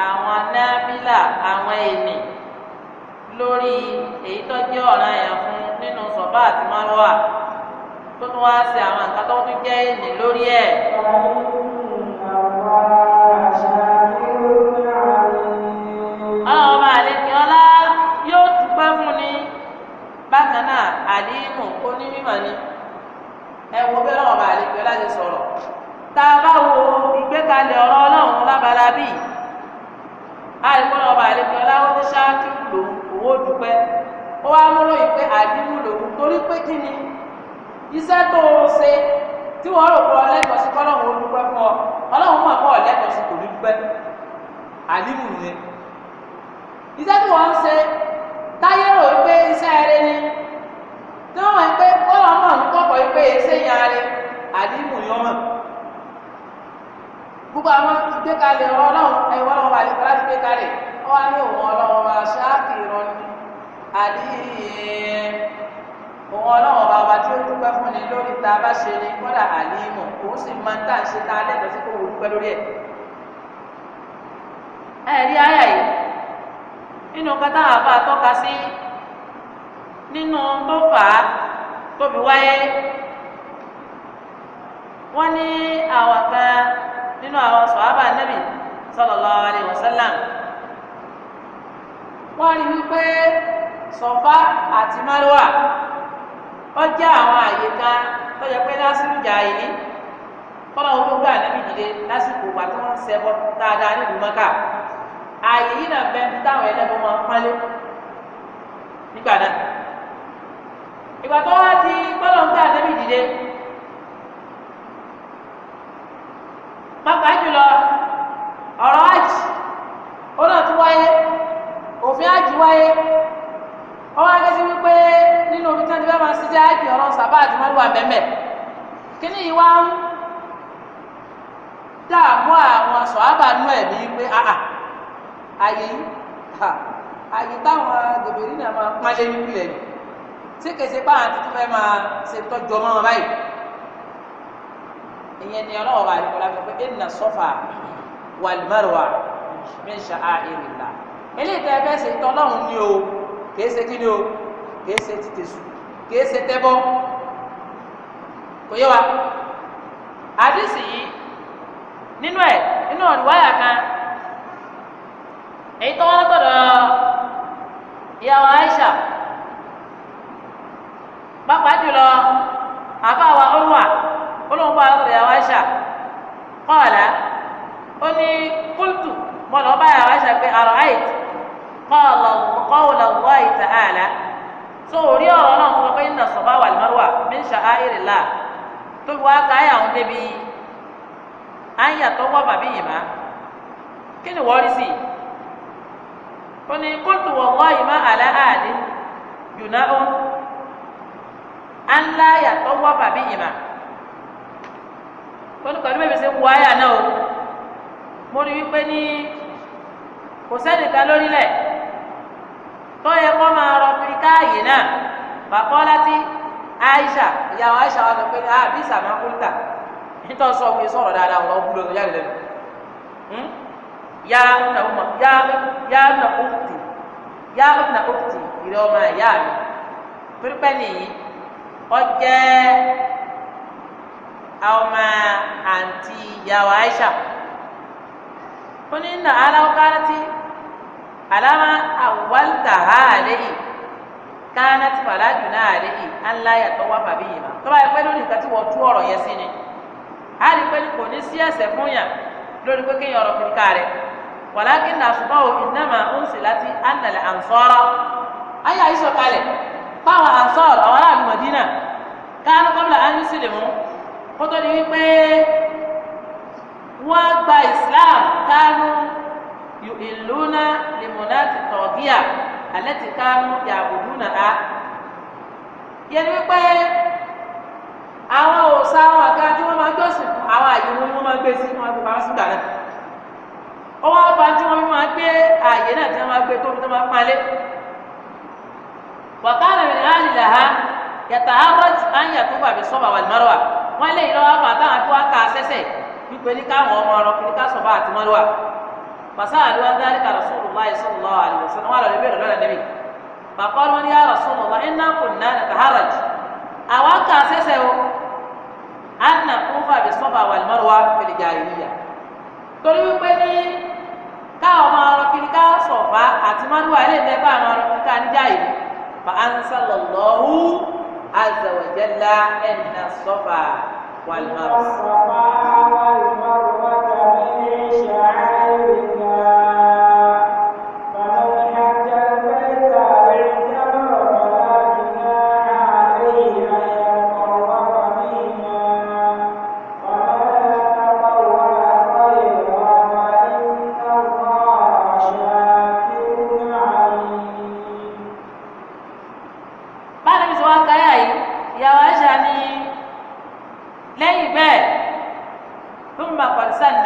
A: àwọn nábìlà àwọn èmi lórí èyí tó jẹ́ ọ̀ràn yẹn fún nínú sọ̀bá àti márùwà tó tún wá ṣe àwọn nǹkan tó tún jẹ́ èmi lórí ẹ̀. àlímù onímọ̀ ni ẹ wo bí ọlọ́wọ́ bá àlejò láti sọ̀rọ̀ tá a bá wo ìgbékalẹ̀ ọ̀rọ̀ ọlọ́run lábala bíi ọba àlejò láwọn ní ṣáàkì lòun owó dúpẹ́ ó wá múlò yìí pé ni iṣẹ́ tó o ṣe tí wọ́n rò pé ọlẹ́tọ̀ọ́ sí fún ọ ọlọ́run mọ̀ pé sí kò ní dúpẹ́ nìyẹn iṣẹ́ tí wọ́n mọ̀ pé bọ́lá náà ń kọ́kọ́ pé ẹsẹ̀ yẹn arẹ àdìmù ni wọ́n mọ̀ gbogbo àwọn ìgbékalẹ̀ ọlọ́run ẹ̀wọ́n náà wà nípa láti gbékalẹ̀ wọ́n á ní òun ọlọ́run máa ṣáàkì ìrọ̀lẹ́ àdìyẹ òun ọlọ́run ọba ọba tí ó dúpẹ́ fún ni lórí ta bá ṣe ni kọ́dà àlímọ̀ òun sì máa ń tà ṣe ta lẹ́tọ̀ọ́ sí kó wọ́n dúpẹ́ lórí ẹ̀.
C: ẹ̀rí ayà yìí
A: nínú kátà àbá tọ́ka sí nínú tó fà á tó wáyé wọ́n ní àwọn kan nínú àwọn sọ̀hábà nẹ́bì sallallahu alaihi wasallam wọ́n rí wípé sọ̀fá àti márùwà ó jẹ́ àwọn àyè kan tó yẹ pé lásìkò jà yìí kọ́nà tó gbà nẹ́bì dìde lásìkò wà tó ń ṣẹbọ dáadáa nílùú mọ́kà àyè yìí ìgbà tó wá di gbọ́dọ̀ ń gbà débi dìde pàápàá jùlọ ọ̀rọ̀ àjì ó náà tún wáyé òfin àjì wáyé ó wá gẹ́sí wípé nínú omi tán ti fẹ́ máa ṣe jẹ́ àjì ọ̀rọ̀ sábà àti mọ́lúwà bẹ́ẹ̀ kíní yìí wá ń dààmú àwọn sọ̀hábà nú ẹ̀ bíi pé àà àyè yìí àyè táwọn gbèbèrè náà máa pálé nípìnlẹ̀ yìí ṣé kèsè bá àti tó fẹ́ máa ṣe tọ́jú ọmọ wọn báyìí ìyẹn ni ọlọ́wọ́ bá rí kọ́lá fún pé inna Safa wal Marwa min sha'airillah eléyìí tẹ́ ẹ fẹ́ ṣe tọ́lọ́run ni o kèé ṣe kíni o kèé ṣe ti tẹ̀sù kèé ṣe tẹ́bọ́ kò yé wa àdìsí yìí nínú ẹ̀ nínú ọ̀rùwáyà kan èyí tọ́wọ́ tọ̀dọ̀ ìyàwó Aisha pápá jùlọ àbáwa olúwa olóńgbò alọ́dọ̀ yà wá ṣà kọ́ọ̀lá ó ní kúlùtù bọ́lá ọba yà wá ṣà pé àrọ̀ àìtì kọ́ọ̀lá ọ̀gbọ́ àìtì àlá tó orí ọ̀rọ̀ náà fún ọkọ̀ iná sọ̀fà wà lùmọ́rùwà mí ṣà áìrì là tó wá ká àyà débi àyà tó wọ́ bàbí yìí má kí ni wọ́n rí sí ó ní kúlùtù wọ̀ yìí má àlá àdín yùnà ńlá yàtọ̀ wọ́ bàbí ìmà olùkọ́ ní bèbè ṣe wọ àyà náà o mo rí wípé ní kò sẹ́nìkan lórílẹ̀ tó yẹ kó máa rọ pirikáàyè náà bàbá láti Aisha ìyàwó Aisha wa sọ pé ah, ní àbí sàmà kúlítà nítorí sọ pé sọ̀rọ̀ dáadáa wọn wúlò tó jáde lẹ́nu hmm? yá na ọmọ yá yá na ọkùtì yá na ọkùtì ìrẹ́ ọmọ ìyá mi pírípẹ́ nìyí ọjẹ́ ọmọ àǹtí ìyàwó Aisha ó ní nà aláwọ̀kárátì alama awalta ha àléyìn kánà tí fàlà jùlọ àléyìn aláyàtọ̀ wà bàbí yìí mà tó bá yẹ pé lórí nǹkan tí wọ́n tú ọ̀rọ̀ yẹn sí ni a lè pé kò ní sí ẹsẹ̀ fún yàn lórí pé kéèyàn ọ̀rọ̀ kiri ká rẹ̀ wàlákì nà ṣùgbọ́n òfin náà máa fáwọn ansọ́ọ̀rù àwọn aráàlú mọ̀dínà káánú kọ́bílà á ń sílẹ̀ mú kó tó di wípé wọ́n gba islam káánú ìlúna lèmọ̀nà ti tọ̀gíà alẹ́ ti káánú yàgòdú nà á. yẹn ni wípé àwọn òòṣà àwọn àga tí wọ́n máa jọ́sìn fún àwọn àyè wọn wọ́n máa gbé sí wọn gbé pamọ́ sígbà náà. ó wá bá tí wọ́n fi máa gbé àyè náà tí wọ́n máa gbé tóbi tó máa pálé wàkàlà من náà lè ha yàtà harrods anya tó bàbí sọ́ba wà lùmọ́rọ́wà wọ́n lè lọ́wọ́ fún àtàwọn tó wá ká sẹ́sẹ̀ wípé ní káwọn ọmọ ọ̀rọ̀ kiri ká sọ́ba àti mọ́rọ́wà pàṣẹ àdúrà dárí kà Rasulullahi sallallahu alaihi wasallam wọn lọ lè bẹ̀rẹ̀ lọ́dọ̀ níbi bàkọ́lù wọn ni yà Rasulullah iná kò ná yàtà harrods àwọn ká sẹ́sẹ̀ o anna tó bàbí sọ́ba wà lùmọ́rọ́wà fil jahiliyya torí wípé ní káwọn ọmọ ọ̀rọ̀ kiri ká sọ̀fà àti mọ́rọ́wà ilé ọmọ ọ̀rọ̀ kiri ká níjà yìí fa ansalallahu azza wa jalla ẹnna sọfà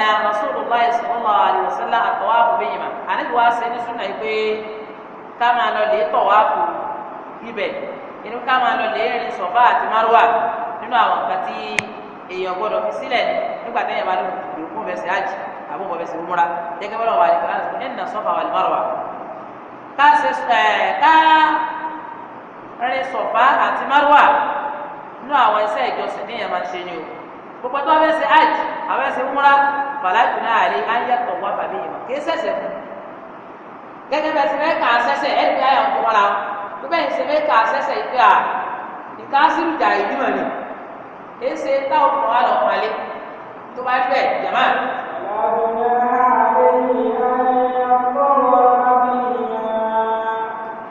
A: na rasulillah sallallahu alaihi wasallam àtọwáàbù bẹyìn mà àníbi wá sí ní súnà yìí pé ká máa lọ lè tọwáàbù ibẹ̀ inú ká máa lọ lè rìn sọfà àti márùwà nínú àwọn nǹkan tí èèyàn gbọ́dọ̀ fi sílẹ̀ nígbà téèyàn bá lóun kò kún bẹsẹ àjì àbò kò bẹsẹ múra gẹ́gẹ́ bọlọ wà lẹkọọ láti fún ẹnìna sọfà wà lẹmọrọ wa ká ṣe ẹ ká rìn sọfà àti márùwà nínú àwọn iṣẹ́ ìjọsìn téèyàn máa ń ṣe ni o gbogbo tó abẹ́ ṣe hajj abẹ́ ṣe múra fàlàjù náà àlè ayé tó wá fàbí yìí kì í ṣẹ̀ṣẹ̀ fún gẹ́gẹ́ bẹ́ẹ̀ ṣe fẹ́ kà á ṣẹ̀ṣẹ̀ ẹ̀rí pé ayọ̀ ń kọ́ mọ́ra tó bẹ́ẹ̀ ṣe fẹ́ kà á ṣẹ̀ṣẹ̀ ìpè à ìkásírù jà ìdímọ̀ ni kì í ṣe táwọn ọkùnrin wa lọ pàlẹ́ tó bá fẹ́ jàmá.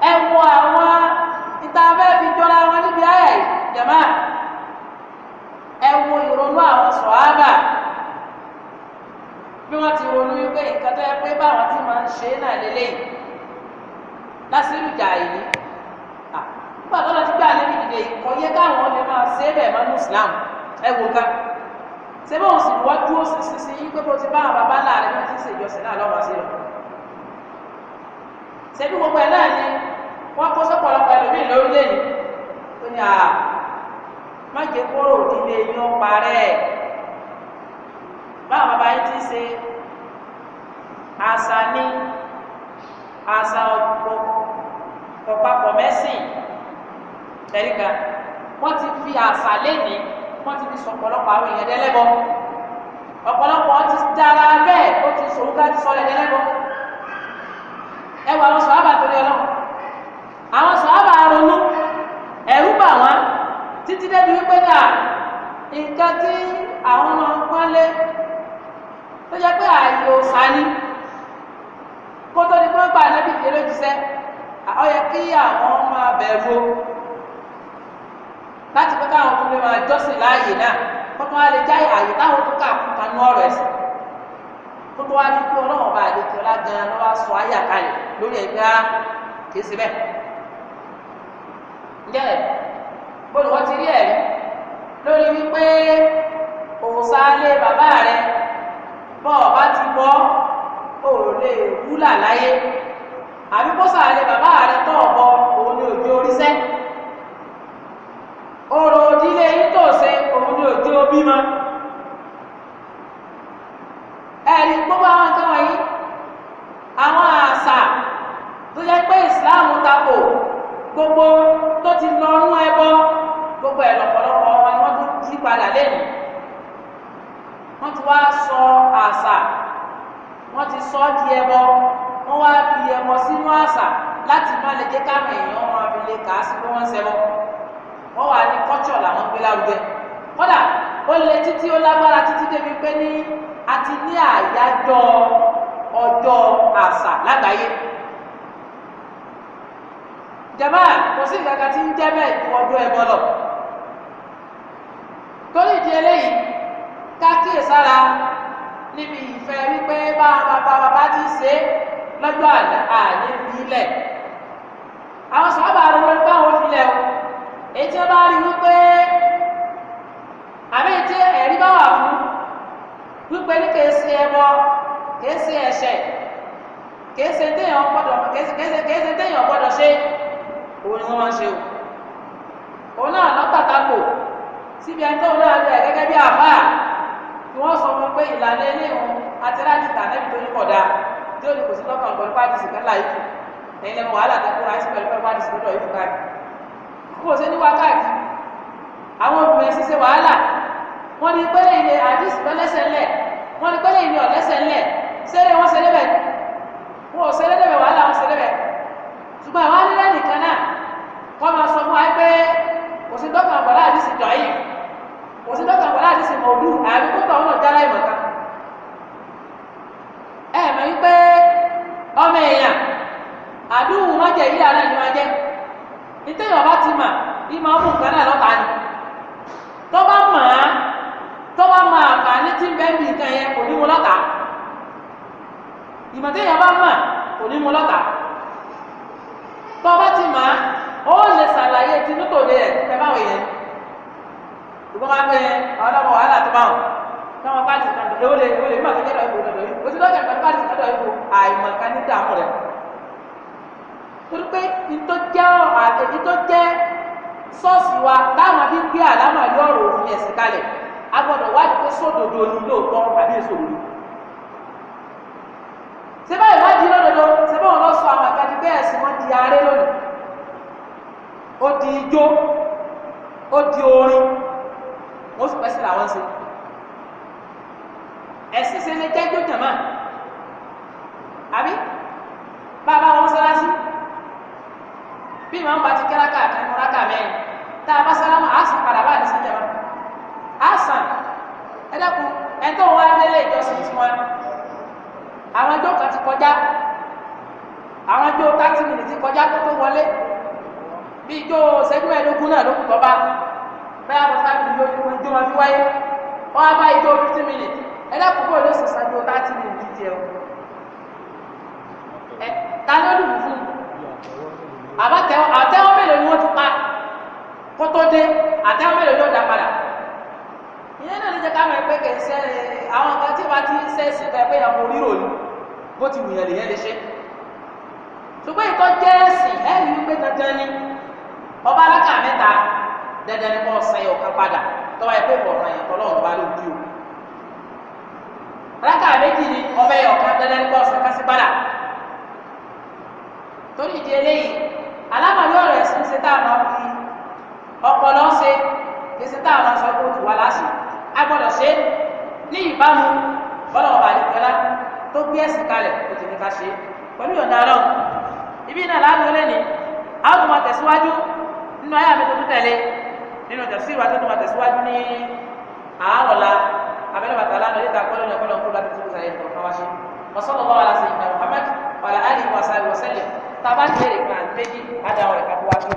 B: ẹ wo àwọn ìta abẹ́ fi jọra wọn níbi
A: ayẹ̀ jàmá ronú àwọn sọ̀hábà bí wọ́n ti ronú wípé nǹkan tó yẹ pé báwọn ti máa ń ṣe é náà lélẹ́yìn lásìrò ìjà yìí nígbà tó lọ ti gbé alẹ́ nídìde ìkọ́ yẹ káwọn lè máa ṣe é bẹ́ẹ̀ mọ́nú Islam ẹ wò ká ṣé bóun sì wọ́n dúró sí sí yí pé bó ti bá àwọn bàbá láàrin wọn ti ṣe ìjọsìn náà lọ́wọ́ sí rẹ̀ ṣé bí gbogbo ẹ̀ náà ni wọ́n kó sọ́pọ̀lọpọ̀ ẹlòmíì lórílẹ̀ yìí ó ní àá má jẹ́ kóró òdílé yín ó parẹ́ báwọn bàbá yín ti ṣe àṣà ní àṣà ọ̀pọ̀ ọ̀pápọ̀ mẹ́sìn tẹ̀ríkà wọ́n ti fi àṣà lénìí wọ́n ti fi sọ ọ̀pọ̀lọpọ̀ àwọn èèyàn dẹ́lẹ́bọ ọ̀pọ̀lọpọ̀ ti dára bẹ́ẹ̀ ó ti sòwò ká ti sọ ẹ̀ dẹ́lẹ́bọ ẹwà àwọn sọ̀hábà torí ọlọ́run àwọn sọ̀hábà ronú ẹ̀rú bà wọ́n. títí débi wípé náà nǹkan tí àwọn ọmọ pọ́nlé tó jẹ́ pé ààyè òòsàn kó tó ní pé wọ́n ànábì yìí lójúṣẹ́ kí àwọn ọmọ bẹ̀rù láti pé káwọn tó lè máa jọ́sìn láàyè náà kó tó wá lè jáyé àyè táwọn tó ọ̀rọ̀ ẹ̀sìn kó tó wá ní pé bọ́lù wọ́n ti rí ẹ̀rí lórí wípé òsàlé bàbá rẹ bọ́ ọ bá ti bọ́ ò lè wúlà láyé àbí bọ́sàlé bàbá rẹ tọ̀ bọ òun ni òjò oríṣẹ́
C: ọ̀rọ̀ òdílé yín tó ṣe òun ni òjò bímọ
A: ẹ̀rí gbogbo àwọn nǹkan wọ̀nyí àwọn àṣà tó jẹ́ pé ìsìláàmù takò gbogbo tó ti lọ nú ẹbọ gbogbo ẹ lọ́pọ̀lọpọ̀ wọn ni wọn tún yí padà lẹ́nu wọn ti wá sọ àṣà wọn ti sọ di ẹbọ wọn wá fi ẹbọ sínú àṣà láti má lè jẹ káwọn èèyàn wọn fi lè kà á sí pé wọn ń ṣẹbọ wọn wà ní kọtsọ làwọn gbé lárugẹ kódà ó lè títí ó lágbára títí débi pé ní a ti ní àyájọ́ ọjọ́ àṣà lágbàáyé jẹ̀mọ́ kò sí nǹkan kan tí ń jẹ́ bẹ́ẹ̀ ju ọdún ẹbọ lọ. torí ìdí eléyìí ká kíyèsára níbi ìfẹ́ wípé bá bàbá bàbá ti ṣe lọ́jọ́ àlè ìbílẹ̀. àwọn sábà rẹ̀ wọ́n bá wọn filẹ̀ o èyí tí wọ́n bá rí wípé àbí èyí tí ẹ̀rí bá wà fún wípé ní kèé ṣe ẹbọ kèé ṣe ẹ̀ṣẹ̀ kèé ṣe téèyàn gbọ́dọ̀ ṣe òun ni wọ́n máa ń ṣe o òun náà lọ́tàtàkò síbi ẹni tó ń náà rẹ̀ gẹ́gẹ́ bí àbá tí wọ́n sọ fún pé ìlànà ilé òun àti rájìtà nẹ́bi tó ní kọ̀dá tí ó ní kò sí lọ́kàn pẹ̀lú pàdísì kẹ́lá yìí fún ẹ̀yin lẹ́nu wàhálà tẹ́kùn ráìsì pẹ̀lú pàdísì lọ́dọ̀ yìí fún káàkiri kò sí ní wákàtí
C: àwọn obìnrin ṣiṣẹ́ wàhálà
A: wọ́n ní pẹ́lẹ́ ilé àdìs lọ́lẹ́sẹ̀ ńlẹ̀ wọ́n ní pẹ́lẹ́ ilé ọ̀lẹ́sẹ̀ ńlẹ̀ ṣé wọ́n ṣe lébẹ̀ wọ́n ò ṣe lébẹ̀ wàhálà wọ́n ṣe lébẹ̀ ṣùgbọ́n àwọn alẹ́ nìkan náà wọ́n máa sọ fún wa pé kò sí dọ́kà àgbàlá àdìsí dọ̀yì kò sí dọ́kà àgbàlá àdìsí mọ̀ọ́dù àbí kókò àwọn ọ̀dà láì mọ̀ká ẹ mọ̀ wípé ọmọ èèyàn àdúhùn má jẹ yíyá náà ni wọ́n jẹ́ nítorí ọba ti mà ní máa mú nǹkan náà lọ́ta ni tó bá mọ̀ á tó bá mọ àǹfààní tí ń bẹ́ẹ̀ bí nǹkan yẹn kò ní mu lọ́ta ìmọ̀tẹ́yìn ọba mọ̀ kò ní mu lọ́ta tọ́ bá ti mà á ó lè ṣàlàyé tinútò ní ẹ̀ ẹ bá wọ̀ yẹn ìgbọ́n máa fẹ́ àwọn ọmọ wàhálà tó bá wọn káwọn pàtì kan tó ewé lè ewé lè má kékeré ìbò lọ́dọ̀ yìí òtún lọ́jà pàtì pàtì lọ́dọ̀ ìbò àìmọ̀ ká ní dààmú rẹ̀ torí pé ìtọ́ jẹ́ àtẹ̀jí tó jẹ́ sọ́ọ̀sì wa táwọn fi ń gbé àlámà yọ̀rọ̀ òfin ẹ̀sìn kalẹ̀ a gbọ́dọ̀ wádìí pé sódodo ni lóòótọ́ àbí èso òru ṣé bẹ́ẹ̀ sì wọ́n di aré lónìí ó di ijó ó di orin wọ́n sì pẹ́sì làwọn ṣe ẹ̀sìn ṣe lè jẹ́ jó jàmá àbí bàbá wọn sọ́lásí bí màá bá ti kẹ́ráka àtẹnu ráka mẹ́rin tá a bá sálámà á sì padà bá àdìsí jàmá á sàn ẹ dẹ́kun wọn á délé ìjọsìn tiwọn àwọn ẹjọ́ kan ti kọjá àwọn ijó thirty minutes kọjá tó tó wọlé bí ijó ṣẹ́jú mẹ́ẹ̀ẹ́dógún náà ló kù tọ́ba bẹ́ẹ̀ àwọn five minutes ló ijó wọn fi wáyé wọ́n á bá ijó fifteen minutes ẹlẹ́kùnkùn ló sì ṣáájú thirty minutes jẹ́ o ẹ ta ló lù fún un àbátẹ́wọ́ àtẹ́wọ́ mélòó ni wọ́n ti pa kótó dé àtẹ́wọ́ mélòó ni wọ́n dá padà ìyẹn náà ló jẹ ká mọ̀ pé kẹsẹ eh, àwọn kan tí wàá ti sẹẹsì ṣùgbọ́n ìtọ́ jẹ́ ẹ̀sìn ẹ̀rí wípé dandan ni ọba alákà mẹ́ta dandan ni kọ́ ọ̀sán yẹn ọ̀kan padà tọ́wọ́ ẹ̀ pé yẹn tọ́lọ́ ọ̀nà bá ló o alákà méjì ni ọbẹ̀ yẹn ọ̀kan dandan ni kọ́ ọ̀sán kásí padà torí ìdí eléyìí alámàlú ọ̀rọ̀ ẹ̀sìn ṣe tá a máa fi ọpọlọ ṣe kì í ṣe tá a máa sọ pé ó ti wà lásìkò a gbọ́dọ̀ ṣe ní ìbámu bọ́lá ọba àdìgbọ́lá tó gbé ẹ̀sìn kalẹ̀ kò tèmi ká ṣe pẹ̀lú ìyọ̀ǹda ibi náà láàdúró lẹ́ni àwọn tó máa tẹ̀síwájú nínú ayé àmì tuntun tẹ̀lé nínú tẹ̀síwá tó máa tẹ̀síwájú ní àárọ̀la abẹ́rẹ́ bàtà lánàá yíta kọ́lé ní ọ̀pọ̀lọpọ̀ kúrò láti tẹ̀síwájú sàyẹ̀ nǹkan wá sí wọ́sọ́lọ́ bá wà láti ìgbà Muhammad wàlá àlè wàsá ìwọ̀sẹ́lẹ̀ tábà jẹ́ ìgbà méjì adáwọ̀ rẹ̀ kápẹ́ wájú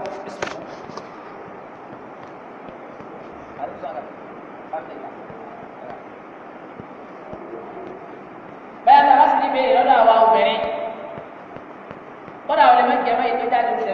C: bẹ́ẹ̀ ni a bá sì ní ìbéèrè lọ́dọ̀ àwa obìnrin kọ́dà ọ̀rẹ́ mẹ́jẹ mẹ́jẹ tó jáde ṣẹ̀